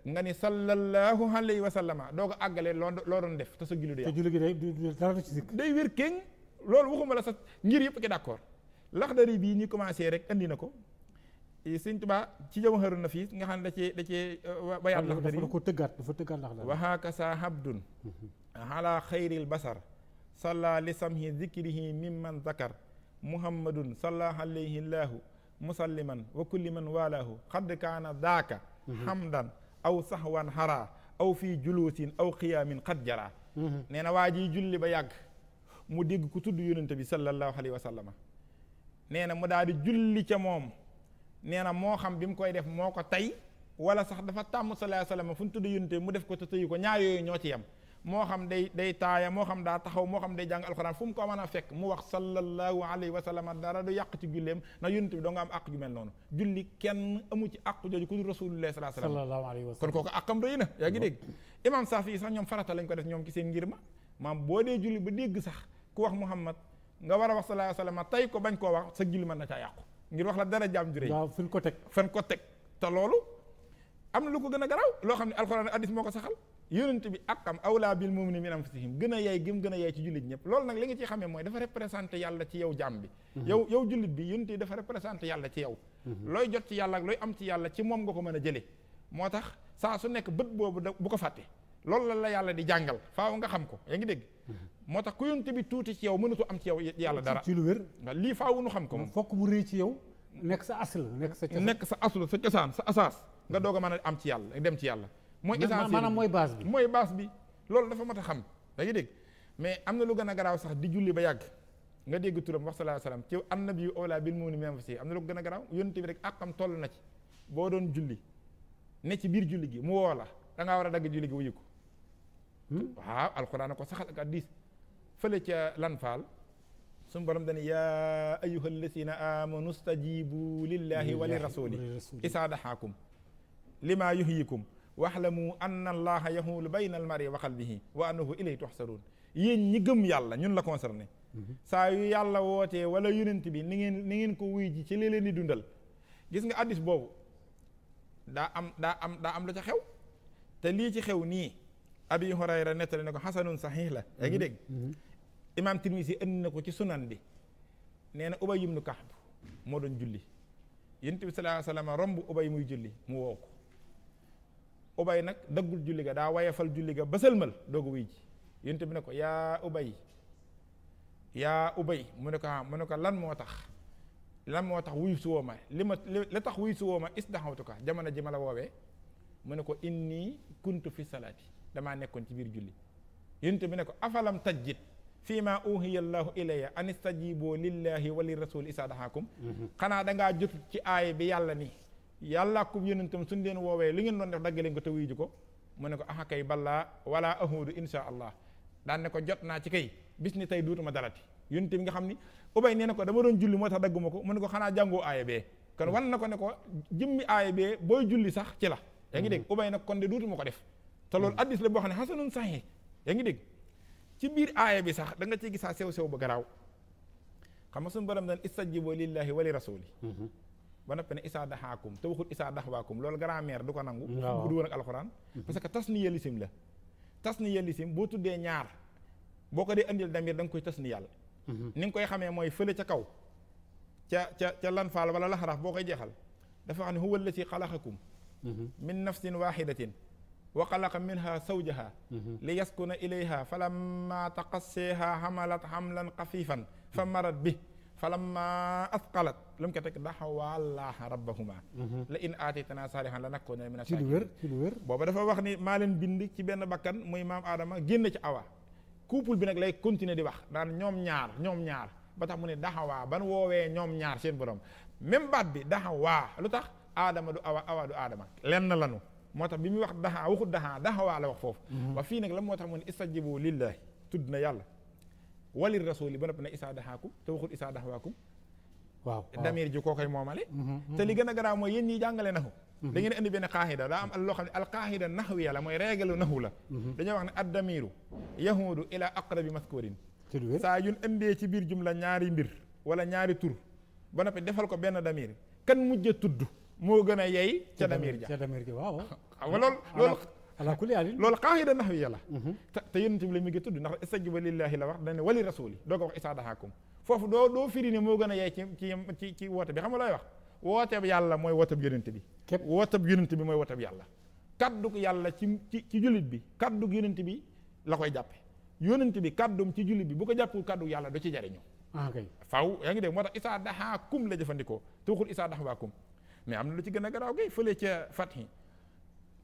nga ni sallallahu alayhi wa sallama doo ko àggale loo loo doon def te sa julli du. te julli gi day dara ci sikk day wér kéng loolu waxuma la sa ngir yëpp ki d'accord laxdari bii ñu commencé rek andi na ko. Eh, sëñ Tuubaa ci jawharu nafiis nga xam ne da cee da cee bayaat eh, la dafa ko tëggaat dafa tëggaat ndax la wahaakasa habdun ala xayril basar salla li samhi zikrihi mimman zakar muhammadun salla alayhi llaahu musalliman wa kulli man walaahu xad kaana daaka hamdan aw sahwan hara aw fi juluusin aw qiyaamin xad jara nee na waa ji julli ba yàgg mu dégg ku tudd yonente bi sallallahu alayhi wa sallama nee mu daal di julli ca moom nee na moo xam bi mu koy def moo ko tey wala sax dafa tàmm sallallahu alayhi wasallam fu ñu tudd yonent mu def ko te tëyu ko ñaar yooyu ñoo ci yem moo xam day day taaya moo xam daa taxaw moo xam day jàng alxuraan fu mu ko mën a fekk mu wax sallallahu alayhi wa sallam dara du yàq ci julleem na yonent bi am àq mel noonu julli kenn amu ci àq jooju ku dul rasulullah sallallahu alayhi wa sallam kon kooku àqam rëy na yaa ngi dégg imam Safi yi sax ñoom farata lañ ko def ñoom ci seen ngir ma maam boo dee julli bu dégg sax ku wax Muhammad nga war a wax sallallahu alayhi wa tey ko bañ koo wax sa julli mën na caa yàqu ngir wax la dara jaam jure waaw fan ko teg fan ko teg te loolu am na lu ko gën a garaaw loo xam ne alxuraan addis moo ko saxal yonent bi akam awlaa bil mu'mini min anfusihim gën a yaay gëm gën a yaay ci jullit ñëpp loolu nag li nga ciy xamee mooy dafa représenté yàlla ci yow jaam bi mhm. yow yow jullit bi yonent yi dafa représenté yàlla ci yow mhm. looy jot ci yàlla ak looy am ci yàlla ci moom nga ko mën a jëlee moo tax saa su nekk bët boobu da bu ko fàtte loolu la la yàlla di jàngal faaw nga xam ko yaa ngi dégg mm-hmm. moo tax ku yonte bi tuuti ci yow mënatu am ci yow yàlla dara ci lu wér lii faaw nu xam ko moom fokk bu rëy ci yow nekk sa asl nekk sa cosaan nekk sa asl sa cosaan sa asaas nga doog a mën a am ci yàlla dem ci yàlla mooy essentiel maanaam mooy base bi mooy base bi loolu dafa mat a xam yaa dégg mais am na lu gën a garaaw sax di julli ba yàgg nga dégg turam wax sallallahu alayhi wasallam ci annabi awla bil mu'mini min anfusihi am na lu gën a garaaw yonte bi rek àqam toll na ci boo doon julli ne ci biir julli gi mu woo la da ngaa war a dagg julli gi wuyu ko waaw alxuraan a ko saxal ak hadiis fële ca lan faal suñu borom dani yaa ayyuhal lazina amanu stajibu lillahi wa li rasuli isaa daxaakum lima yuhyikum waxlamu anna allaha yaxuulu bayna almari wa qalbihi wa annahu ilayhi tuxsaruun yéen ñi gëm yàlla ñun la concerné saa yu yàlla wootee wala yonent bi ni ngeen ni ngeen ko wuy ji ci li leen di dundal gis nga hadiis boobu daa am daa am daa am lu ca xew te lii ci xew nii abi hurayra nettali na ko xasanun saxiix la yaa ngi dégg mhm. Mhm. imaam tirmisi indi na ko ci sunan bi nee na ubay ibnu kaxb moo doon julli yent bi salaa salaam romb ubay muy julli mu woo nag daggul julli ga daa wayefal julli ga ba sëlmal doogu wuy ji yent bi ne ko yaa ubay yaa ubay mu ne ko ah mu ne ko lan moo tax lan moo tax wuyu suwoo ma li ma li tax wuy suwoo ma is daxawtu ka jamono ji ma la woowee mu ne ko inni kuntu fi salaati damaa nekkoon ci biir julli yonent bi ne ko afalam tajjid fii ma uhiya allahu ilayya an istajibu lillahi wa li rasul isa daxaakum mhm. xanaa dangaa jot ci aaya bi yàlla ni yàlla ku yonentam suñ leen woowee li ngeen doon def dagg leen ko te wuyu ji ko mu ne ko aha kay ballaa wala ahuudu insha allah daan ne ko jot naa ci kay bis ni tey duutuma dalati yonent bi nga xam ni ubay nee na ko dama doon julli moo tax dagguma ko mu ne ko xanaa jàngoo aaya bee kon wan na ko ne ko jëmmi aaya bee booy julli sax ci la ngi dégg ubay nag kon de duutuma ko def te loolu addis la boo xam ne xasanun saxiix yaa ngi dégg ci biir aaya bi sax da nga ciy gisaa sew-sew ba garaaw xam nga suñu borom daan istajibo lillahi wali rasuli mhm. ba noppi ne isaa daxaakum te waxul isaa daxwaakum loolu grammaire du ko nangu bu du woon ak alxuraan mhm. parce que tasniya lisim la tasniya lisim boo tuddee ñaar boo ko dee andil damir da nga koy tasniyal mhm. ni nga koy xamee mooy fële ca kaw ca ca ca lanfaal wala laxaraaf boo koy jeexal dafa xam ne huwa allati xalaxakum min nafsin waxidatin wa xalaqa minha zawjaha mhm. li yaskuna ilayha falamma taqasseha hamalat hamlan xafifan fa mhm. marat bi falamma asqalat lu mu ko teg waa laaha rabbahuma mhm. la in aataytanaa saalihan la nakuunanna mina shaakiriin ci lu wér ci lu wér booba dafa wax ni maa leen bind ci benn bakkan muy maam aadama génn ci awa couple bi nag lay continuer di wax daan ñoom ñaar ñoom ñaar ba tax mu ne daxawaa nu woowee ñoom ñaar seen borom même baat bi daxawaa lu tax aadama du awa awa aadama lenn lanu moo tax bi muy wax daxaa waxut daxaa daxawaa la wax foofu mhm. waa fii nag la moo tax mu ne istajibu lillahi tudd na yàlla wali rasuli ba nopp na isaa daxaakum te waxut isaa daxawaakum waaw damir ji koo koy moomale mhm, mhm, te li gën a garaaw mooy yéen ñi jàngale naxu da ngeen indi benn qaahida daa am al loo xam ne al qaahida naxwiya la mooy réegalu naxu la dañoo wax ne ad damiru yahuudu ila aqrabi maskurin saa yun indee ci biir jumla ñaari mbir wala ñaari tur ba noppi defal ko benn damir kan mujj a tudd moo gën a yey ca damir ja ca damir ja waaw xam nga loolu loolu ala kulli la mhm. te te bi la mi gën a yey ci woote bi xam nga wax wooteeb yàlla mooy wooteeb yonent bi wooteeb yonent bi mooy wooteeb yàlla kaddug yàlla ci ci jullit bi kaddug yonent bi la koy jàppe yonent bi kaddum ci jullit bi bu ko jàppul kaddug yàlla du ci jariñu ah kay faw yaa ngi dégg moo tax isaa daxaakum la jëfandikoo te waxul isaa daxawaakum mais am na lu ci gën a garaaw gi fële ca Fathi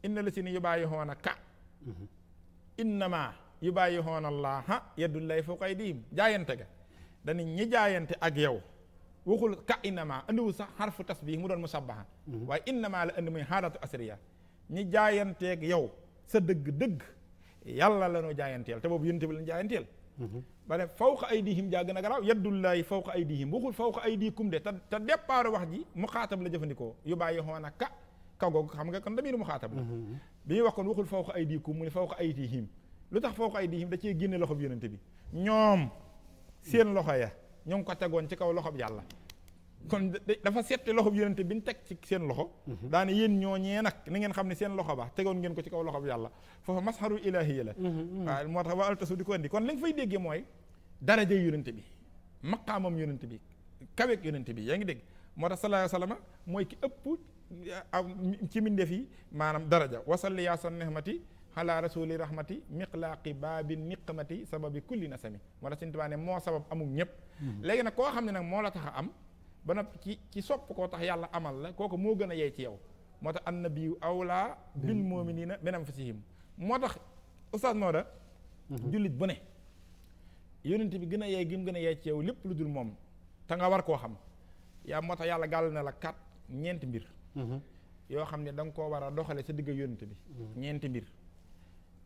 inna yu bàyyi xoon a ka mhm. innama yu bàyyi xoon allaha yadullahi fawqa aydihim jaayante ga dani ñi jaayante ak yow waxul ka innama andiwul sax xarfu tasbih mu doon musabbaha mhm. waaye innama la andi muy xaalatu asriya ñi jaayanteeg yow sa dëgg-dëgg yàlla la noo jaayanteel te boobu yonent bi lañ jaayanteel mhm. ba ne fawqa aydihim jaa gën a garaaw yaddullaahi fawqa aydihim waxul fawqa aydikum de te te départ wax ji mu xaatab la jëfandikoo yu bàyyi xoona ka kaw googu xam nga kon damiru mu xaatab la mm-hmm. bi ñuy wax kon waxul fawqa aydikum mu ne fawqa aydihim lu tax fawqa aydihim da cee génne loxo loxob yonente bi ñoom seen loxo ya ñoo ngi ko tegoon ci kaw loxo bi yàlla kon dafa setti loxo bi yonente bi ñu teg ci seen loxo mhm. daane yéen ñooñee nag ni ngeen xam ne seen loxo ba tegoon ngeen ko ci kaw loxo bi yàlla foofa masharul ilaahiya la mhm, mhm. waaw moo tax waa altasu di ko indi kon li nga fay déggee mooy daraja yonente bi maqaamam yonente bi kaweeg yonente bi yaa ngi dégg moo tax sallallahu alayhi mooy ki ëpp ci mbindeef yi maanaam daraja wasalli yaa sa nehmati ala rasuli rahmati miqlaaqi baabin niqmati sababi kulli nasami moo tax suñu tubaab ne moo sabab amul ñëpp léegi nag koo xam ne nag moo la tax a am ba noppi ci ci sopp koo tax yàlla amal la kooku moo gën a yey ci yow moo tax na annabiyu awlaa bil mu'minina min anfusihim moo tax ustaas Maodo mhm. jullit bu ne yonent bi gën a yey gi mu gën a yey ci yow lépp lu dul moom te nga war koo xam yaa moo tax yàlla gàll na la kat ñeenti mbir mhm. yoo xam ne da nga koo war a doxale sa digg yonent bi mhm. ñeenti mbir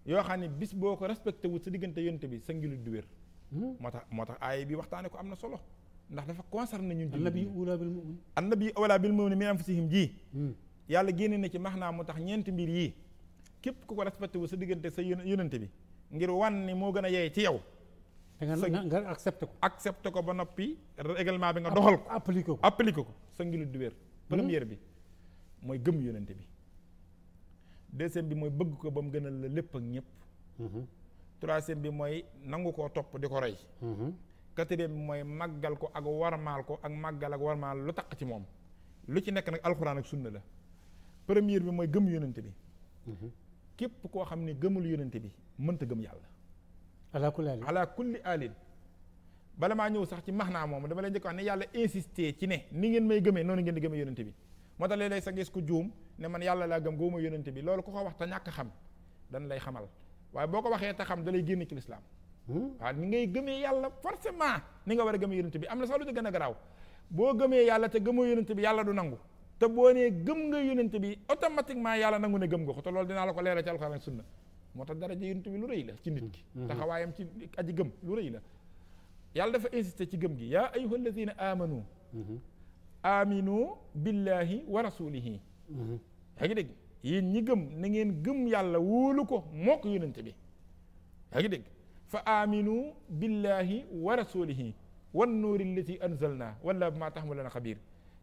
yoo xam ne bis boo ko respecté wut sa diggante yonent bi sa ngilut du wér moo tax moo tax aay bi waxtaane ko am na solo ndax dafa concerné ñun. annabi awla bil mu'min annabi awla bil mu'min min anfusihim ji. Hmm. yàlla génne na ci max naa mu tax ñeenti mbir yii képp ku ko respecté wu sa diggante sa yonente bi ngir wan ni moo gën a yey ci yow. sa nga accepté ko. accepté ko ba noppi règlement bi nga doxal ko. appliqué ko ko sa ngilu du wér. Hmm. première bi mooy gëm yonente bi. deuxième bi mooy bëgg ko ba mu gënal la lépp ak ñëpp. Hmm. troisième bi mooy nangu ko topp di ko roy. quatrième bi mooy maggal ko ak warmaal ko ak màggal ak warmaal lu taq ci moom lu ci nekk nag alxuraan ak sunna la première bi mooy gëm yonent bi mhm. képp koo xam ne gëmul yonent bi mënta gëm yàlla ala kulli alin ala kulli alin bala maa ñëw sax ci max naa moom dama leen njëkk ne yàlla insisté ci ne ni ngeen may gëmee noonu ngeen di gëmee yonent bi moo tax léeg-léeg sa gis ku juum ne man yàlla laa gëm gëmuma yonent bi loolu ko ko wax te ñàkk xam dañ lay xamal waaye boo ko waxee te xam da lay génn ci lislaam waaw ni ngay gëmee yàlla forcément ni nga war a gëmee yonent bi am na sax lu ci gën a garaaw boo gëmee yàlla te gëmoo yonent bi yàlla du nangu te boo nee gëm nga yonent bi automatiquement yàlla nangu ne gëm nga ko te loolu dinaa ko leeral ci alxuraan sunna moo tax daraja yonent bi lu rëy la ci nit ki mm-hmm. taxawaayam ci aji gëm lu rëy la yàlla dafa insisté ci gëm gi yaa ayyuha alladina amanu mm-hmm. aminu billahi wa rasulihi mm-hmm. yaa ngi dégg yéen ñi gëm na ngeen gëm yàlla wóolu ko moo ko yonent bi yaa ngi dégg fa aminu billahi wa rasulihi wan nuuri allati anzalna wala bi maa taxmaluna xabiir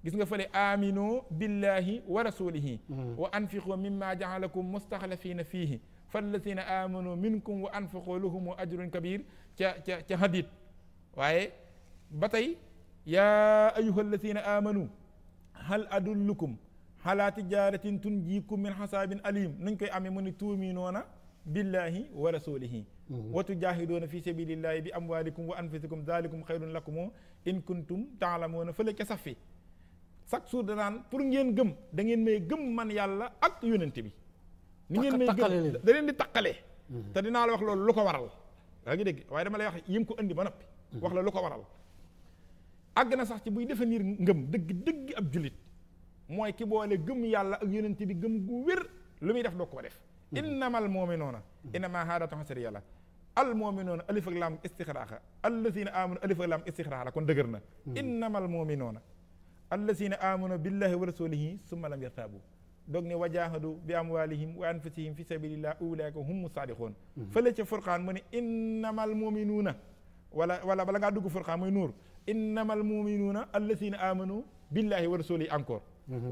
gis nga fële aminu billahi wa rasulihi mm-hmm. wa anfiqu mimma jaalakum mustaxlafina fiihi fallazina amanu minkum wa anfaqu lahumu ajrun kabir ca ca ca hadid waaye ba tey yaa ayuha allazina amanu hal adullukum ala tijaratin tunjikum min xasaabin alim nuñ koy amee mu ni tuuminoona billahi wa rasulihi mhm. wa tujahiduuna fi sabilillahi bi amwalikum wa anfusikum zalikum xayrun lakum in kuntum taalamuuna fële ca safi chaque jour danaan pour ngeen gëm da ngeen may gëm man yàlla ak yónent bi ni ngeen may gëm da leen di taqalee mhm. te dinaa la wax loolu lu ko waral yaa ngi dégg waaye dama lay wax yim ko indi ba mhm. wax la lu ko waral na sax ci buy définir ngëm dëgg dëgg ab jullit mooy ki boole gëm yàlla ak yónent bi gëm gu wér lu muy def doo ko def innamal mu'minuuna innamaa haadaa taxaw sariya la al mu'minuuna alif ak laam istixraaxa allazina aamanu alif ak laam istixraaxa la kon dëgër na innamal mu'minuuna allazina aamanu billahi wa rasulihi summa lam yartaabu doog ne wajaahadu bi amwaalihim wa anfusihim fi sabilillah ulaika hum saadiqoon fële ca furqaan mu ne innamal mu'minuuna wala wala bala ngaa dugg furqaan muy nuur innamal mu'minuuna allazina aamanu billahi wa rasulihi encore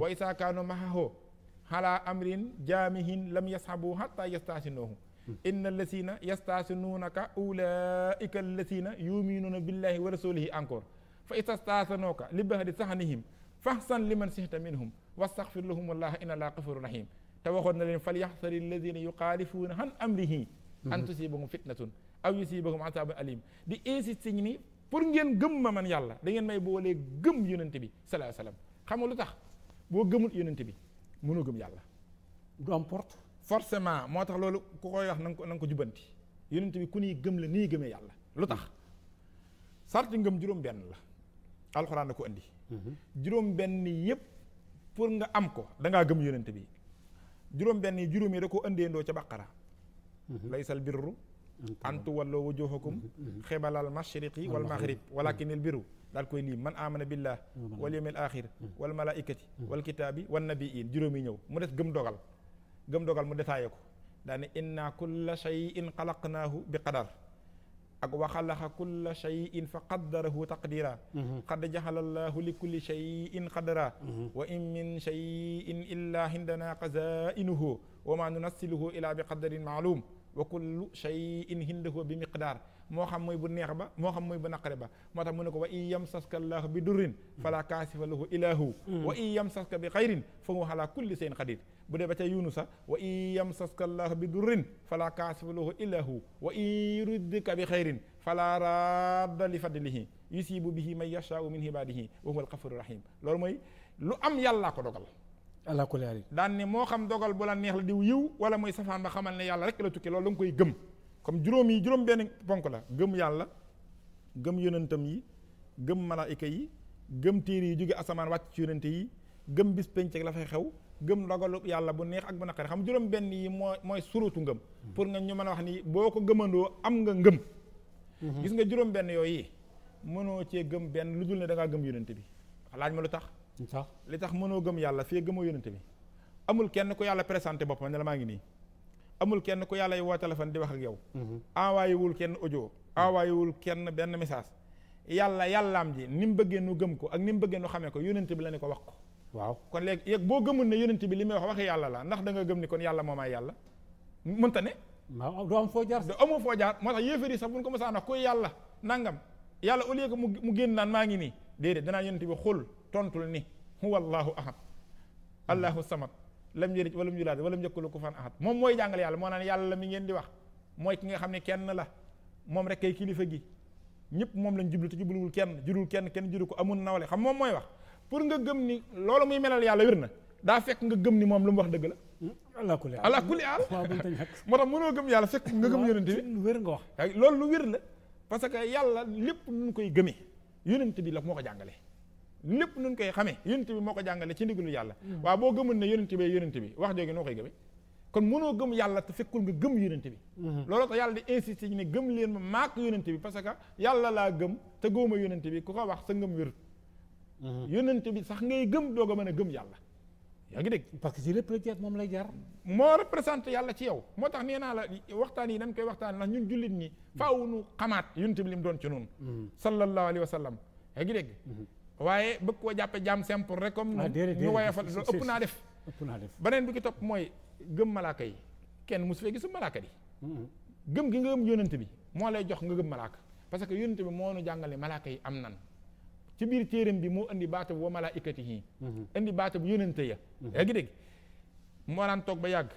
wa isaa kaanu mahahoo ala amrin jaamihin lam yashabu hatta yastaasinoohu inna allazina yastaasinuunaka ulaika allazina yuminuuna billahi wa rasulihi encore fa istastaasanooka li bahdi saxnihim fahsan liman sihta minhum wastaxfir lahum wallaha inna allaha gafuru rahim te waxoon na leen fal yaxsari allazina yuxaalifuuna an amrihi an tusibahum fitnatun aw yusibahum asabun alim di insister ñi ni pour ngeen gëm ma man yàlla da ngeen may boolee gëm yonent bi salaa salaam xam nga lu tax boo gëmul yonent bi mënoo gëm yàlla. du am porte. forcément moo tax loolu ku koy wax na nga ko na nga ko jubbanti yonent bi ku ni gëm la nii gëmee yàlla. lu tax sarti ngëm juróom-benn la. alxuraan da ko indi. Mhm. juróom-benn yëpp pour nga am ko dangaa gëm yonent bi juróom-benn yi juróom yi da ko indee ndoo ca mhm. lay sal birru an tuwalloo wujuhakum mm-hmm, mm-hmm. xibalal mashriqi wal maghrib walakinil mm-hmm. biru daal koy lii man amana billah wal yawmil axir wal malaikati wal kitaabi wan nabiin juróomi ñëw mu des gëm dogal gëm dogal mu détaillé ko daa ne inna kulla shay'in xalaqnaahu bi qadar ak wa xalaqa kulla shay'in fa qaddarahu taqdira qad jaxala allahu li kulli shay'in qadra wa in min shay'in illa hindana xazainuhu wa ma nunassiluhu ila bi qadarin maalum wa kullu shay'in indahu bi miqdaar moo xam mooy bu neex ba moo xam mooy bu naqare ba moo tax mu ne ko wa in yamsaska llaahu bi durrin fala kaasifa lahu ilaahu mm. wa in yamsaska bi xayrin fa huwa ala kulli shay'in qadir bu dee ba ca yunusa wa in yamsaska llaahu bi durrin fala kaasifa lahu ilaahu wa in yuridka bi xayrin fala radda li fadlihi yusibu bihi man yashaau min ibadihi wa huwa alxafuru rahim loolu mooy lu am yàllaa ko dogal alaakulli daan moo xam dogal bu la neex la diw yiw wala muy safaan ba xamal ne yàlla rek la tukki loolu da nga koy gëm comme juróom yi juróom benn ponk la gëm yàlla gëm yonentam yi gëm malaayika yi gëm téere yi jóge asamaan wàcc ci yonente yi gëm bis penc ak la fay xew gëm dogalu yàlla bu neex ak bu naqari xam juróom benn yi mooy mooy surutu ngëm mm-hmm. pour nga ñu mën a wax nii boo ko gëmandoo am nga ngëm mm-hmm. gis nga juróom benn yooyu mënoo cee gëm benn lu dul ne da gëm yonente bi li tax mënoo gëm yàlla fii gëmoo yónente bi amul kenn ku yàlla présenté boppam ne la maa ngi nii amul kenn ku yàlla woo téléphone di wax ak yow mhm. envoyé wul kenn audio envoyé wul kenn benn message yàlla yàllaam ji ni mu bëggee nu gëm ko ak ni mu bëggee nu xamee ko yónente bi la ne ko wax ko waaw kon léegi yeg boo gëmul ne yónente bi li may wax waxee yàlla la ndax da gëm ni kon yàlla moomaay yàlla mënta ne doo am foo jaar amoo foo jaar moo tax yéefar yi sax buñ ko mosaan wax kuy yàlla nangam yàlla au lieu que mu génn naan maa ngi nii déedéet danaa yónente bi xul tontul ni huwa allahu ahad allahu samad lam yalid walam yulad walam yakul lahu kufuwan ahad moom mooy jàngale yàlla moo naan yàlla mi ngeen di wax mooy ki nga xam ne kenn la moom rek kay kilifa gi ñëpp moom lañ jublu te jubluwul kenn jurul kenn kenn juru ko amul nawle xam moom mooy wax pour nga gëm ni loolu muy melal yàlla wér na daa fekk nga gëm ni moom lu mu wax dëgg la ala kulli aal ala kulli aal moo tax mënoo gëm yàlla fekk nga gëm yonente bi lu wér nga wax loolu lu wér la parce que yàlla lépp nu koy gëmee yonente bi la moo ko jàngalee lépp nun koy xamee yonent bi moo ko jàngale ci ndigalu yàlla mm. waaw boo gëmul ne yonent bi yonent bi wax jooju noo koy gëmee kon mënoo gëm yàlla te fekkul nga gëm yonent bi mm-hmm. looloo tax yàlla di insisté gëm leen ma maak yonent bi parce que yàlla laa gëm te gëwuma yonent bi ku ko wax sa ngëm wérut mm-hmm. yonent bi sax ngay gëm doog a mën a gëm yàlla yaa ngi dégg parce que si représente moom lay jar moo représenté yàlla ci yow moo tax nee naa la waxtaan yi dañ koy waxtaan ndax ñun jullit ñi faaw nu xamaat yonent bi li mu doon ci noonu mm-hmm. sallallahu alayhi wa sallam yaa ngi waaye bëgg koo jàppe jaam simple rek comme ah, ñu woyofal ëpp naa def beneen bi ki topp mooy gëm malaaka yi kenn mosu fee gisu malaaka yi mm-hmm. gëm gi nga gëm yónent bi moo lay jox nga gëm malaaka parce que yónent bi moo nu jàngale malaaka yi am nan ci biir téeram bi moo indi baata bu wa malaa'ikatihi mm-hmm. indi baata bu yónente ya mm-hmm. yaa ngi dégg moo daan toog ba yàgg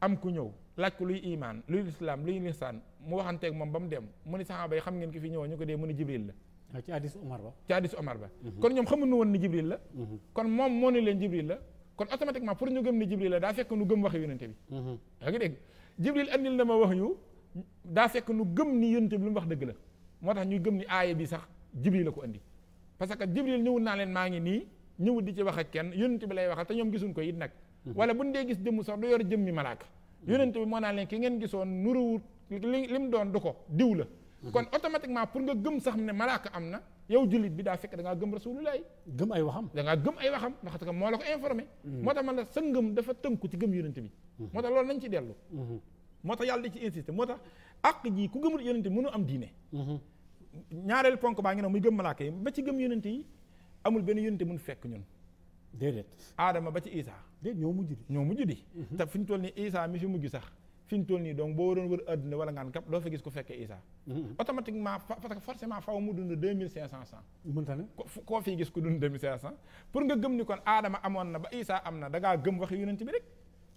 am ku ñëw laaj ko luy imaan luy lislaam luy lisaan mu waxanteeg moom ba mu dem mu ni saxaaba yi xam ngeen ki fi ñëwoon ñu ko dee mu ni jibril la Ah, ci hadis Omar ba ci hadis Omar ba mhm. kon ñoom xamuñu woon ni Jibril la mhm. kon moom moo ne leen Jibril la kon automatiquement pour ñu gëm ni Jibril la daa fekk nu gëm wax yonente bi mhm. yaa ngi gëm ni yonente bi lu mu wax dëgg la moo tax ñu gëm ni aaya bi sax Jibril la ko andi parce que Jibril ñëwul naa leen maa ngi nii ñëwul di ci wax ak kenn yonente bi lay waxal te ñoom gisuñ ko it nag wala buñ dee gis jëmm sax du yor jëmmi malaaka yonente bi moo naa leen ki ngeen gisoon nuruwut li li mu doon du ko diw la Mm-hmm. kon automatiquement pour nga gëm sax ne malaaka am na yow jullit bi daa fekk da ngaa gëm rasulullah gëm ay waxam da ngaa gëm ay waxam ndax que moo la ko informé mm-hmm. moo tax man la sa ngëm dafa tënku ci gëm yonent bi mm-hmm. moo tax loolu nañ ci dellu moo tax yàlla di ci insisté moo tax àq ji ku gëmul yonent bi am diine ñaareel ponk baa ngi ne muy gëm malaaka yi ba ci gëm yonent yi amul benn yonent mun fekk ñun déedéet aadama ba ci isa déet ñoo mujj di ñoo mujj di te fi ñu toll ni isa mi fi mujj sax fi ñu toll nii donc boo waroon wër àdduna wala ngaan kap doo fa gis ku fekkee Isa mm-hmm. automatiquement parce que forcément faw mu dund deux mille koo fii gis ku dund pour nga gëm ni kon aadama amoon na ba Isa am na da gëm waxi yonent bi rek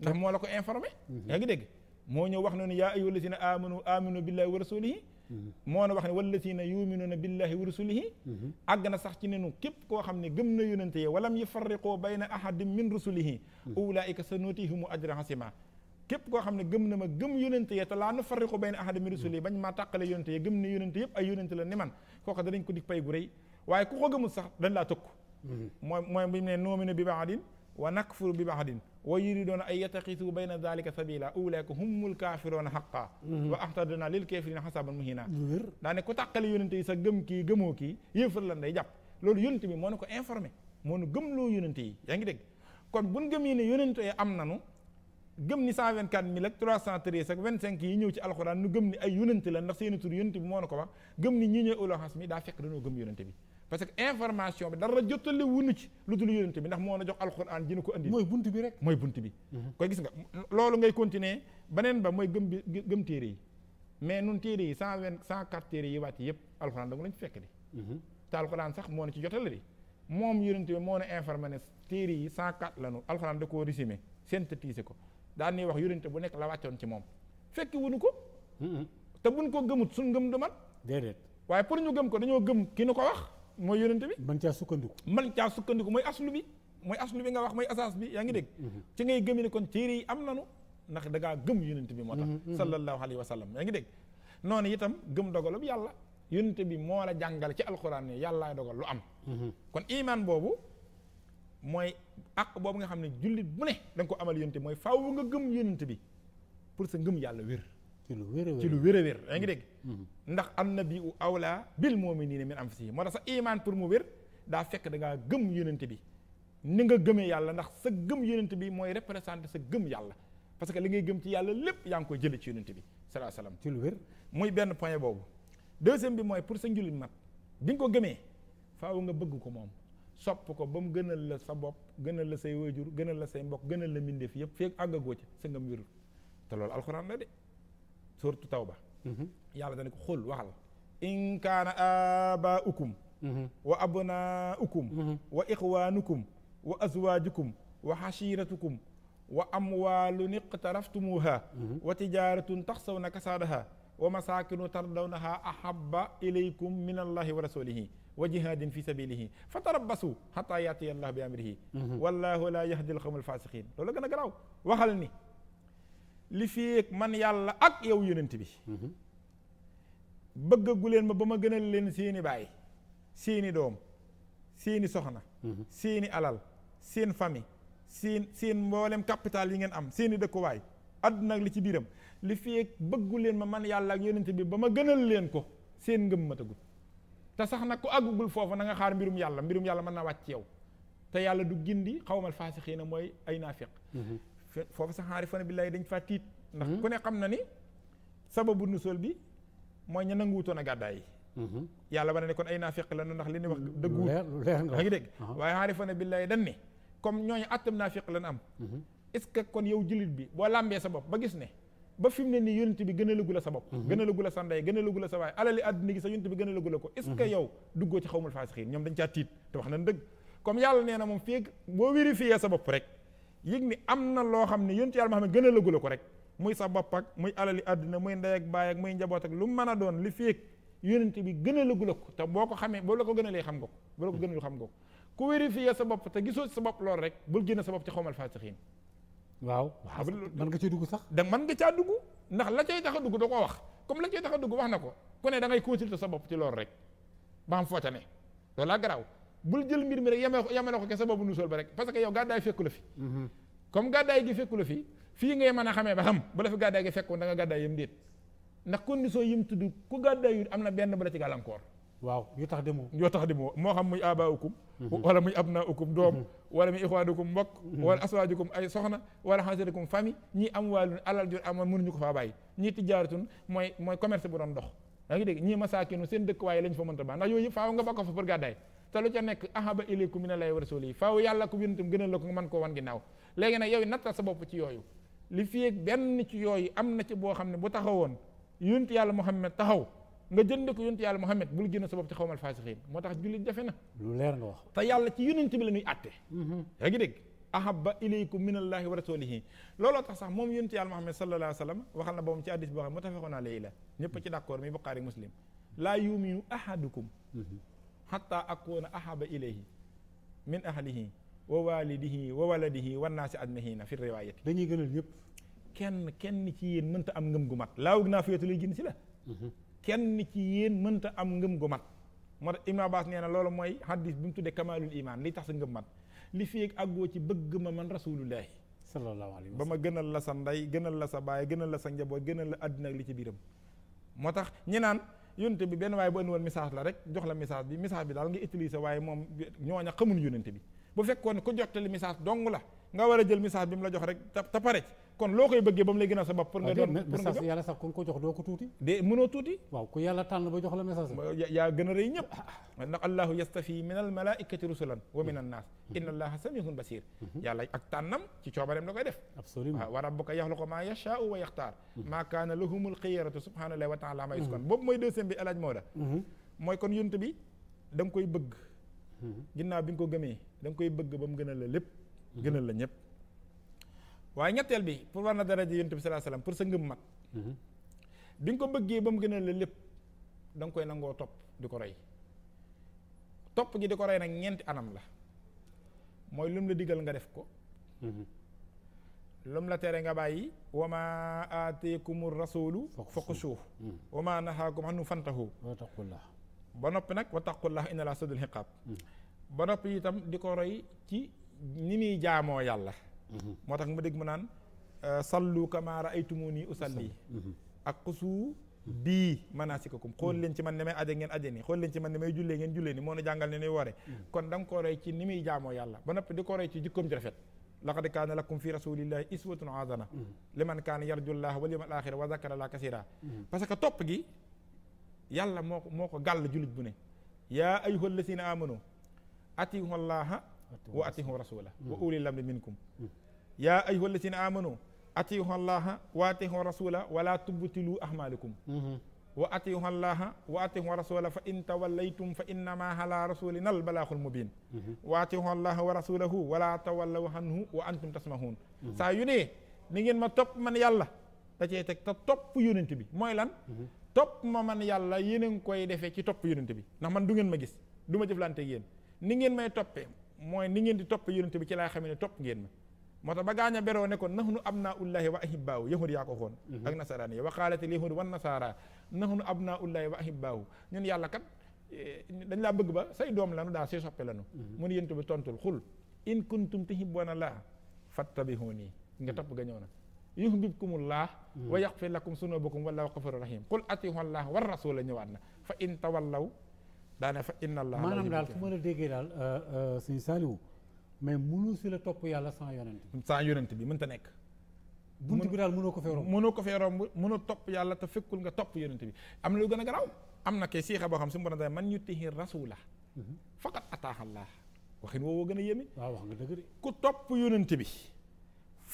ndax moo la ko informé mm-hmm. yaa ngi dégg moo ñëw wax noonu yaa ayyuha allazina amanu aminu billahi wa rasulihi mm-hmm. moo na wax ne wallazina yuminuuna billahi wa rusulihi àgg na sax ci nenu képp koo xam ne gëm na yonente yi walam yufarriqoo képp koo xam ne gëm na ma gëm yonente ye te laa nu farriqu bayna ahadin min mm. bañ maa tàqale yonente ye gëm ne yonente yëpp ay yonente la ni man kooka danañ ko dig pay gu rëy waaye ku ko gëmul sax dañ laa tëkk mm-hmm. mooy mooy bi ne noominu bi baadin wa nakfuru bi baadin wa yuriduuna an yattaxisu bayna dalika sabila ulaika humul kaafiruuna xaqa mm-hmm. wa axtadna lil kaafirina xasaban muhina daa ne ku tàqale yonente yi sax gëm kii gëmoo kii yëfar lan day jàpp loolu yonente bi moo na ko informé moo nu gëm loo yonente yi yaa ngi dégg kon buñ gëm yi ne yonente am nanu gëm ni cent vingt quatre mille ak trois cent treize ak vingt cinq yi ñëw ci alxuraan nu gëm ni ay yonent la ndax seeni tur ko ni ñi ñëw bi parce que information bi dara jottali wunu ci lu dul mhm. ba mooy gëm bi gëm téere yi mais nun téere yi cent vingt cent quatre téere yi wàcc yëpp alxuraan da nga lañ fekk di mhm. sax moo na ci jottali di moom yonent moo na informé ne yi cent quatre la nu alxuraan da koo résumé ko daal daan wax yonente bu nekk la wàccoon ci moom fekki wuñu ko te buñ ko gëmut suñ ngëm du mat waaye pour ñu gëm ko dañoo gëm ki nu ko wax mooy yonente bi man caa sukkandiku man caa sukkandiku mooy aslu bi mooy aslu bi nga wax mooy asaas bi yaa ngi dégg mm-hmm. ci ngay gëmi ne kon téere yi am nanu ndax da ngaa gëm yonente bi moo tax mm-hmm, mm-hmm. sallallahu alayhi wa sallam yaa ngi dégg noonu itam gëm dogalub yàlla yonente bi moo la jàngal ci alquran ne yàllaay dogal lu am kon iman boobu mooy àq boobu nga xam ne jullit bu ne da ko amal yonent mooy faaw nga gëm yonent bi pour sa ngëm yàlla wér ci lu wér a wér ci lu wér a wér yaa ngi dégg mm-hmm. ndax an nabiyyu awlaa bil mu'miniina min anfusihim moo tax sa imaan pour mu wér daa fekk dangaa gëm yonent bi ni nga gëmee yàlla ndax sa gëm yonent bi mooy représenté sa gëm yàlla parce que li ngay gëm ci yàlla lépp yaa ngi koy jële ci yonent bi salaa salaam ci lu wér muy benn point boobu deuxième bi mooy pour sa njullit mat bi ko gëmee faaw nga bëgg ko moom sopp ko ba mu gënal la sa bopp gënal la say waajur gënal la say mbokk gënal la mbindeef yëpp feeg àggagoo ca sa ngëm wérul te loolu alxuraan la de tawba mhm. dana ko xool waxal in kaana abaaukum mhm. wa abnaaukum mhm. wa ixwaanukum wa azwaajukum wa xashiiratukum wa amwaalun iqtaraftumuuha wa tijaaratun taxsawna kasaadaha wa masaakinu tardawnaha ahabba ilaykum min allahi wa rasulihi wa jihaadin fi sabilihi fa tarabbasu xataa yaatiya allah bi amrihi mhm. wallahu laa yahdi al qawma al fasiqin loolu gën a garaaw waxal ni li feek man yàlla ak yow yonent bi mhm. bëggagu leen ma ba ma gënal leen seeni baay seeni doom seeni soxna mhm. seeni alal seen famille seen seen mboolem capital yi ngeen am seeni dëkkuwaay àdduna li ci biiram li feek bëggu leen ma man yàlla ak yonent bi ba ma gënal leen ko seen ngëm matagut te sax na ku àggugul foofu na xaar mbirum yàlla mbirum yàlla mën naa wàcc yow te yàlla du gindi xawmal faasixiina mooy ay naafiq mhm. foofu sax aarifoona billaahi dañ faa tiit ndax mhm. ku ne xam na ni sababu sol bi mooy ña nanguwutoon a gàddaay yi mhm. yàlla ba ne kon ay naafiq la ndax li ni wax dëggu a ngi dégg waaye aarifoona billaahi dañ ne comme ñooñu attam naafiq lan am est-ce que kon yow jullit bi boo làmbee sa bopp ba gis ne ba fi mu ne nii yonent bi gën a lagula sa bopp mhm. gën a lagula sa ndey gën a lagula sa waay alali àddina gi sa a lagula ko est-ce que mhm. yow duggoo ci xawmul faasixiin ñoom dañ caa tiit te wax nañ dëgg comme yàlla nee na moom feeg boo am na loo xam ne yonent yàlla ma xam gën a lagula ko rek muy sa bopp muy alali àddina muy ndey baay ak muy njaboot ak lu mën a doon li feeg yonent bi gën a lagula ko te boo ko xamee boo la ko gën a lay xam nga ko boo la ko sa bopp te gisoo sa bopp loolu rek bul génn sa bopp ci xawmul faasixiin waaw mën nga cee dugg sax. da man nga caa dugg ndax la cay tax a dugg da koo wax comme la cay tax a wax na ko kone ne da ngay consulter sa bopp ci loolu rek ba am foota ne loolu laa garaaw bul jël mbir mi rek yemee ko yemale ko ke sa nu sol ba rek parce que yow gàddaay fekku la fi. Mm-hmm. comme gàddaay gi fekku fi fii ngay mën a xamee ba xam bu la fi gàddaay gi fekkoon da nga gàddaay yem déet ndax condition yi mu tudd ku gàddaay am na benn bu la ci gàllankoor waaw yu tax demoo yoo tax demoo moo xam muy aba ukum mhm. wala muy abna ukum doom mhm. wala muy ixwaanukum mbokk mhm. wala aswaajukum wala xansatikum famille ñii am wàllu alal jur amoon mënuñu ko faa bàyyi ñii tijaaratun mooy mooy commerce bu doon dox yaa ngi dégg seen dëkkuwaay lañ fa mënta baax ndax yooyu yëpp faaw nga bakko fa pour ko yonentam gënal la ko nga mën koo wan ginnaaw léegi nag yow nattal sa bopp ci yooyu li fii benn ci yooyu am na ci boo xam ne bu taxawoon yonent yàlla Muhammad taxaw nga jënd ko yonent yàlla Muhammad bul génn sa bopp ci xawmal faasixiin moo tax jullit jafe na. lu leer nga wax. te yàlla ci yonent bi la ñuy àtte. Mm-hmm. yaa ngi dégg. ahabba ilaykum minallahi wa rasulihi looloo tax sax moom yonent yàlla Muhammad sallallahu alayhi wa sallam waxal na boobam ci hadiis boo xam ne muttafaqun alayhi la ñëpp ci d'accord mi Buxaari Muslim laa yuminu ahadukum mm-hmm. hatta akuna ahaba ilayhi min ahlihi wa walidihi wa waladihi wa naasi ajmahina fi riwaayati dañuy gënal ñëpp. kenn kenn am ngëm gu mat laaw naa fiyatu lay gën si la. Mm-hmm. kenn ci yéen mënta am ngëm gu mat moo tax Ibn Abbas nee na loolu mooy hadis bi mu tuddee Kamalul Iman li tax sa ngëm mat li fi àggoo ci bëgg ma man rasulullahi sallallahu alayhi wa sallam ba ma gënal la sa ndey gënal la sa baay gënal la sa njaboot gënal la àddina ak li ci biiram moo tax ñi naan yonente bi benn waaye bu indi woon message la rek jox la message bi message bi daal nga utiliser waaye moom ñooña xamuñu yonente bi bu fekkoon ku jottali message dong la nga war a jël message bi la jox rek te pare kon loo koy bëggee ba mu lay gënal sa pour nga doon message yàlla sax ku ko jox doo ko tuuti de mënoo tuuti waaw ku yàlla tànn ba jox a rëy ñëpp ndax allahu yastafi min al malaikati rusulan mhm. wa wa rabbuka yaxluqu maa yashaau wa yaxtaar mhm. maa kaana lahumul xiyaratu subhanallahi wa taala ma mhm. mooy mooy kon yunt bi da koy bëgg ginnaaw bi nga ko gëmee da koy bëgg ba mu gënal la lépp gënal la ñëpp waaye ñetteel bi pour war na dara ji yonent bi salaa salaam pour sa ngëm mat mhm. bi nga ko bëggee ba mu gën a la lépp da nga koy nangoo topp di ko roy topp gi di ko roy nag ñeenti anam la mooy lu mu la digal nga def ko mhm. lu mu la tere nga bàyyi wa ma aataakumu rasuulu faqusuuhu mhm. wa ma nahaakum anhu fantahu ba noppi nag wa taqullah inna laa sadul xiqaab ba noppi itam di ko roy ci ni muy jaamoo yàlla Mm-hmm. moo tax ma dégg mu naan euh, sallu kama raaytumuni usalli mm-hmm. ak xusu bii manasikakum xool leen ci man ne may aje ngeen aje ni xool leen ci man ne may jullee ngeen jullee ni moo nu jàngal ne nuy woore mm-hmm. kon da nga ko roy ci ni muy jaamoo yàlla ba noppi di ko roy ci jikkoom a rafet laqad kaana lakum fi rasulillahi iswatun azana liman kaana yarjullaha wal yawmal axira wa zakara la kasira parce que topp gi yàlla moo ko moo ko gàll julit bu ne yaa ayyuha allazina amanu atiihu allaha wa atihu rasula wa uli lamri minkum yaa ayuha alladina amanu atihu allaha wa atihu rasula wala tubtilu ahmalikum wa atihu allaha wa atihu rasula fa in tawallaytum fa innama ala rasulina albalaaxul mubin wa atihu allaha wa rasulahu wala tawallaw anhu wa antum tasmahun saa yu ne ni ngeen ma topp man yàlla da cee teg te topp yonent bi mooy lan mhmm. topp ma man yàlla yéen a ngi koy defee ci topp yonent bi ndax man du ngeen ma gis du ma jëflante ak yéen ni ngeen mooy ni ngeen di topp yonent bi ci laa xamee ne topp ngeen ma moo tax ba gaañ a beroo ne ko nahnu abnaa ullahi wa ahibbaahu yahud yaa ko xoon mhm. ak nasaraan yi wa qaalatil yahud wan nasaara nahnu abnaa ullahi wa ahibbaahu ñun yàlla kat eh, dañ laa bëgg ba say doom lanu daa say soppe lanu mhm. mun yonent bi tontul xul in kuntum tuhibbuuna llaah fattabihuunii nga topp ga ñëw na yuhbibkumullaah mhm. wa yaxfir lakum sunuubakum wallaahu gafuurun wa qul atiihu llaah war rasuula na fa in tawallaw daane fa inna allah maanaam daal fu ma la déggee daal euh, euh, sëñ Saliou mais mënu si la topp yàlla sans yonent bi sans yonent bi mënta nekk bunt bi daal mënoo ko fee romb mënoo ko fee romb mënoo topp yàlla te fekkul nga topp yonent bi am na lu gën a garaaw am na kay siixa boo xam si mu bon a man yutihi rasula mhm. faqat ataaha allah waxin woowoo gën a yéeme waaw wax nga dëgg de ku topp yonent bi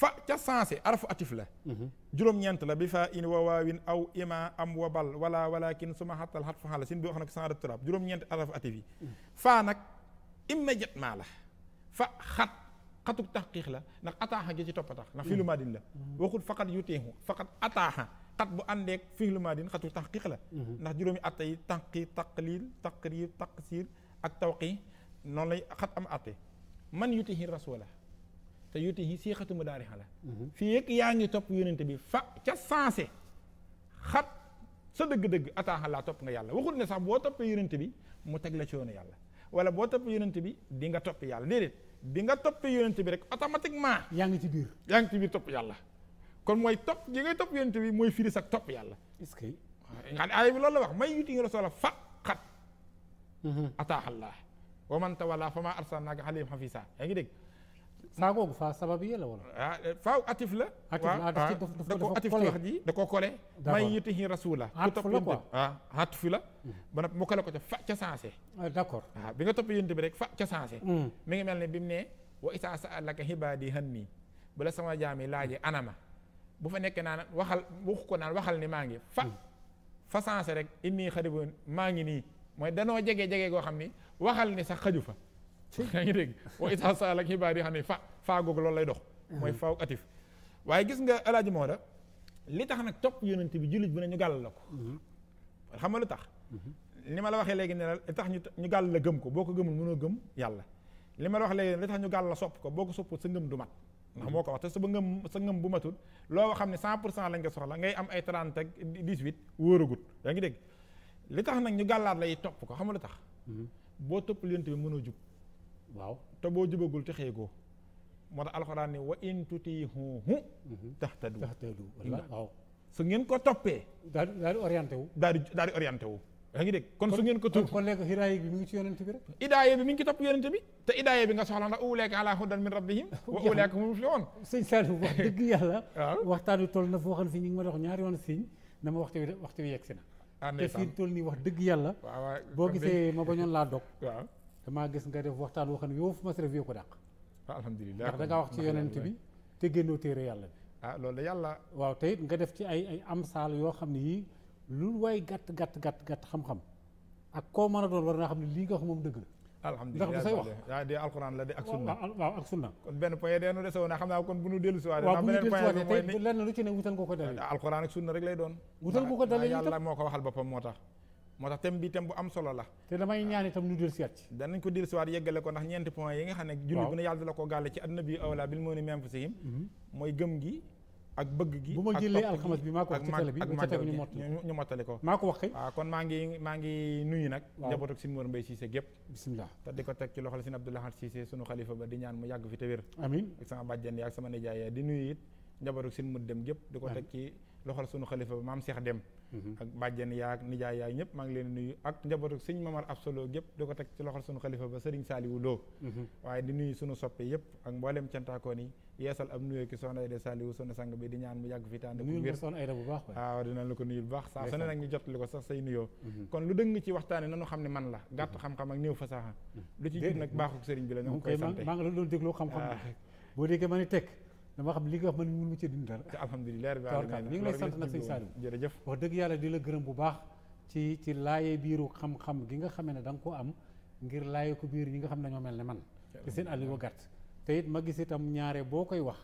fa ca sensé arafu atif la mhm. juróom-ñeent la bi fa in wa waawin aw ima am wa bal wala walakin suma xattal xat faxan la sin bi wax na ko sanrat turab juróom-ñeent arafu atif yi mhm. faa nag immédiatement la fa xat xatuk taxqiix la ndax ataaxa gi ci topp a tax ndax fiilu mhm. maadin la waxut faqat yuteexu faqat ataaxa xat bu àndeeg fiilu maadin xatu taxqiix la ndax juróomi atta yi tànqi taqlil taqrir taqsir ak tawqi noonu lay xat am atte man yutihi te yuti yi sii xatuma daari xala mhm. fii yëg yaa ngi topp yonente bi fa ca sensé xat sa dëgg-dëgg ataaxa laa topp nga yàlla waxul ne sax boo toppee yonente bi mu teg la ci yoonu yàlla wala boo toppee yonente bi di nga topp yàlla déedéet di nga toppee yonente bi rek automatiquement yaa ngi ci biir yaa ngi ci topp yàlla kon mooy topp gi ngay topp yonente bi mooy firi sax topp yàlla est-ce que nga aaya bi loolu la wax may yuti yi rasula fa xat mhm. ataaxallaa wa man tawalla fa maa arsalnaaka alayhim xafisa yaa ngi dégg saa googu faa sababiyya la wala. ah eh, faaw la. atif la ah daf da ko atif ci wax ji da koo kole. la ah, hmm. ba nag mu kale ko ca fa ca sensé. Ah, d' accord ah bi nga topp yënt bi rek fa ca hmm. mi ngi mel ne bi mu ne. wa isaa sa'alaka ibaadi hanni bu la sama jaam yi laajee anama bu fa nekkee naan waxal wax ko naan waxal ni maa ngi fa. Hmm. fa sensé rek maa ngi nii mooy danoo jege jege goo xam ni waxal ni sax xaju fa. yaa ngi dégg wa isa saalak xibaar yi xam ne faa faa googu loolu lay dox mooy faaw atif waaye gis nga alaaji Maodo li tax nag topp yonent bi jullit bu ne ñu gàll la ko mhm. xam nga lu tax li mhm. ma la waxee léegi ne la tax ñu gàll la gëm ko boo ko gëmul mënoo gëm yàlla li ma la tax ñu gàll la sopp ko boo ko sa ngëm du mat ndax mhm. moo ko wax te sa ba ngëm sa ngëm bu matul loo xam ne cent pour cent lañ nga soxla ngay am ay trente ak dix-huit wóoragut yaa ngi dégg li tax nag ñu gàllaat lay topp ko xam nga lu tax boo topp yonent bi mënoo jub waaw te boo jubagul te ko moo tax alxuraan ni wa in tutiihuhu tahtadu tahtadu waaw su ngeen ko toppee daal daal di orienté wu daal di daal di wu yaa ngi dégg kon su ngeen ko tur kon léegi hidaaye bi mi ngi ci yonent bi rek hidaaye bi mi ngi ci topp yonent bi te hidaaye bi nga soxla ndax uleeka ala hudan min rabbihim wa uleeka humul muflihun sëñ Saliou wax dëgg yàlla waxtaan wi toll na foo xam ne fi ñu ngi ma dox ñaari yoon siñ na ma waxtu wi waxtu wi yegg si na ah, te fi toll nii wax dëgg yàlla boo gisee ma bañoon laa dog waaw damaa gis nga def waxtaan woo xam ne yow fu ma seref ko dàq ah, alhamdulilah ndax da wax ci yonent bi te génnoo téere yàlla bi ah loolu de yàlla waaw te it nga def ci ay ay amsaal yoo xam ne yii lu waay gàtt gàtt gàtt gàtt xam-xam ak koo mën a doon war naa xam ne lii nga wax dëgg la ndax du say wax waaw de alquran la de ak sunna waaw ak sunna kon benn point de nu desoo na xam naa kon bu ñu dellu si waat waaw bu lenn lu ci ne wutal nga ko dalil alquran ak moo ko waxal boppam moo tax moo tax thème bi thème bu am solo la. te damay ñaan itam ñu dellusiwaat ci. danañ ko dellusiwaat yeggale ko ndax ñeenti point yi nga xam ne. julli bu ne yàlla la ko gàlle ci àdduna bi mm-hmm. gi. ak bëgg gi bu ma jëlee alxames bi maa ko ci télé bi bu ca tegu ñu mottali ñu mottali ko wax kay waaw kon ngi maa ngi nuyu nag njabootu Sëñ Mor Mbaye Cissé gépp te di ko teg ci loxol Sëñ Abdoulaye Cissé sunu xalifa ba di ñaan mu yàgg fi te wér amiin ak sama bàjjen yi ak sama nijaay di nuyu it njabootu Sëñ Mor Dem gépp di ko teg ci loxol sunu xalifa ba maam Cheikh Dem Mm-hmm. ak bàjjen yaak nijaay yaak ñëpp maa ngi leen nuyu ak njabootu sëñ Mamar Absolo gépp di ko teg ci loxol sunu xalifa ba sëriñ Saliou Lo mm-hmm. waaye di nuyu sunu soppe yëpp ak mbooleem cantaakoon yi yeesal ab nuyoo ki soxna Ayda Saliou sunu sang bi di ñaan mu yàgg fi tànn bu wér waaw dinañ la ko nuyu bu baax saa su ne nag ñu jotali ko sax say nuyoo mm-hmm. kon lu dëng ci waxtaane nanu xam ne man la gàtt xam-xam ak néew fasaxa lu ci jub nag dama xam li nga wax man mënu mu ci dindi dara. alhamdulilah rabbil alamin ñu ngi sant nag sëñ Saliou jërëjëf wax dëgg yàlla di la gërëm bu baax ci ci laayee biiru xam-xam gi nga xamee ne da nga ko am ngir laaye ko biir ñi nga xam ne ñoo mel ne man te seen àll gàtt te it ma gis itam ñaare boo koy wax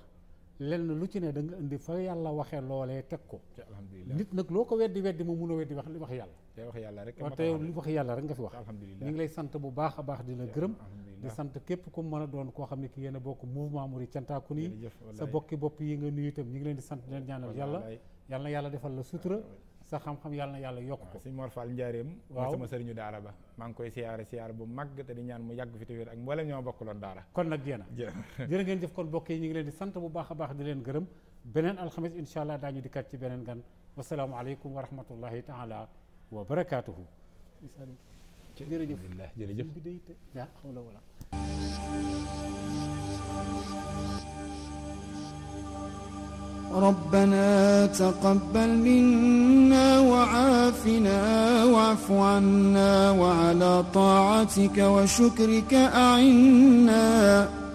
lenn lu ci ne da nga indi fa yàlla waxee loolee teg ko. alhamdulilah nit nag loo ko weddi weddi moom mun a weddi wax li wax yàlla. tey wax yàlla rek nga tey wax yàlla rek nga fi wax. alhamdulilah ngi lay sant bu baax a baax di la gërëm. di sant képp ku mën a doon koo xam ne ki yéen a bokk mouvement Mouride Cantaku nii sa bokki bopp yi nga nuyu itam ñu ngi leen di sant di leen ñaanal yàlla yàlla na yàlla defal la sutura sa xam-xam yàlla na yàlla yokk ko sëñ Mor Fall Njaareem waaw sama sëriñu daara ba maa ngi koy siyaare siyaare bu màgg te di ñaan mu yàgg fi te wér ak mboolem ñoo bokkaloon daara kon nag yéena jërë ngeen jëf kon bokk yi ñu ngi leen di sant bu baax a baax di leen gërëm beneen alxamis incha allah daañu dikkat ci beneen gan wasalaamualeykum wa rahmatullahi taala wa barakaatuhu jërëjëf jërëjëf bi day te yaa xawla wala ربنا تقبل منا وعافنا واعف عنا وعلى طاعتك وشكرك أعنا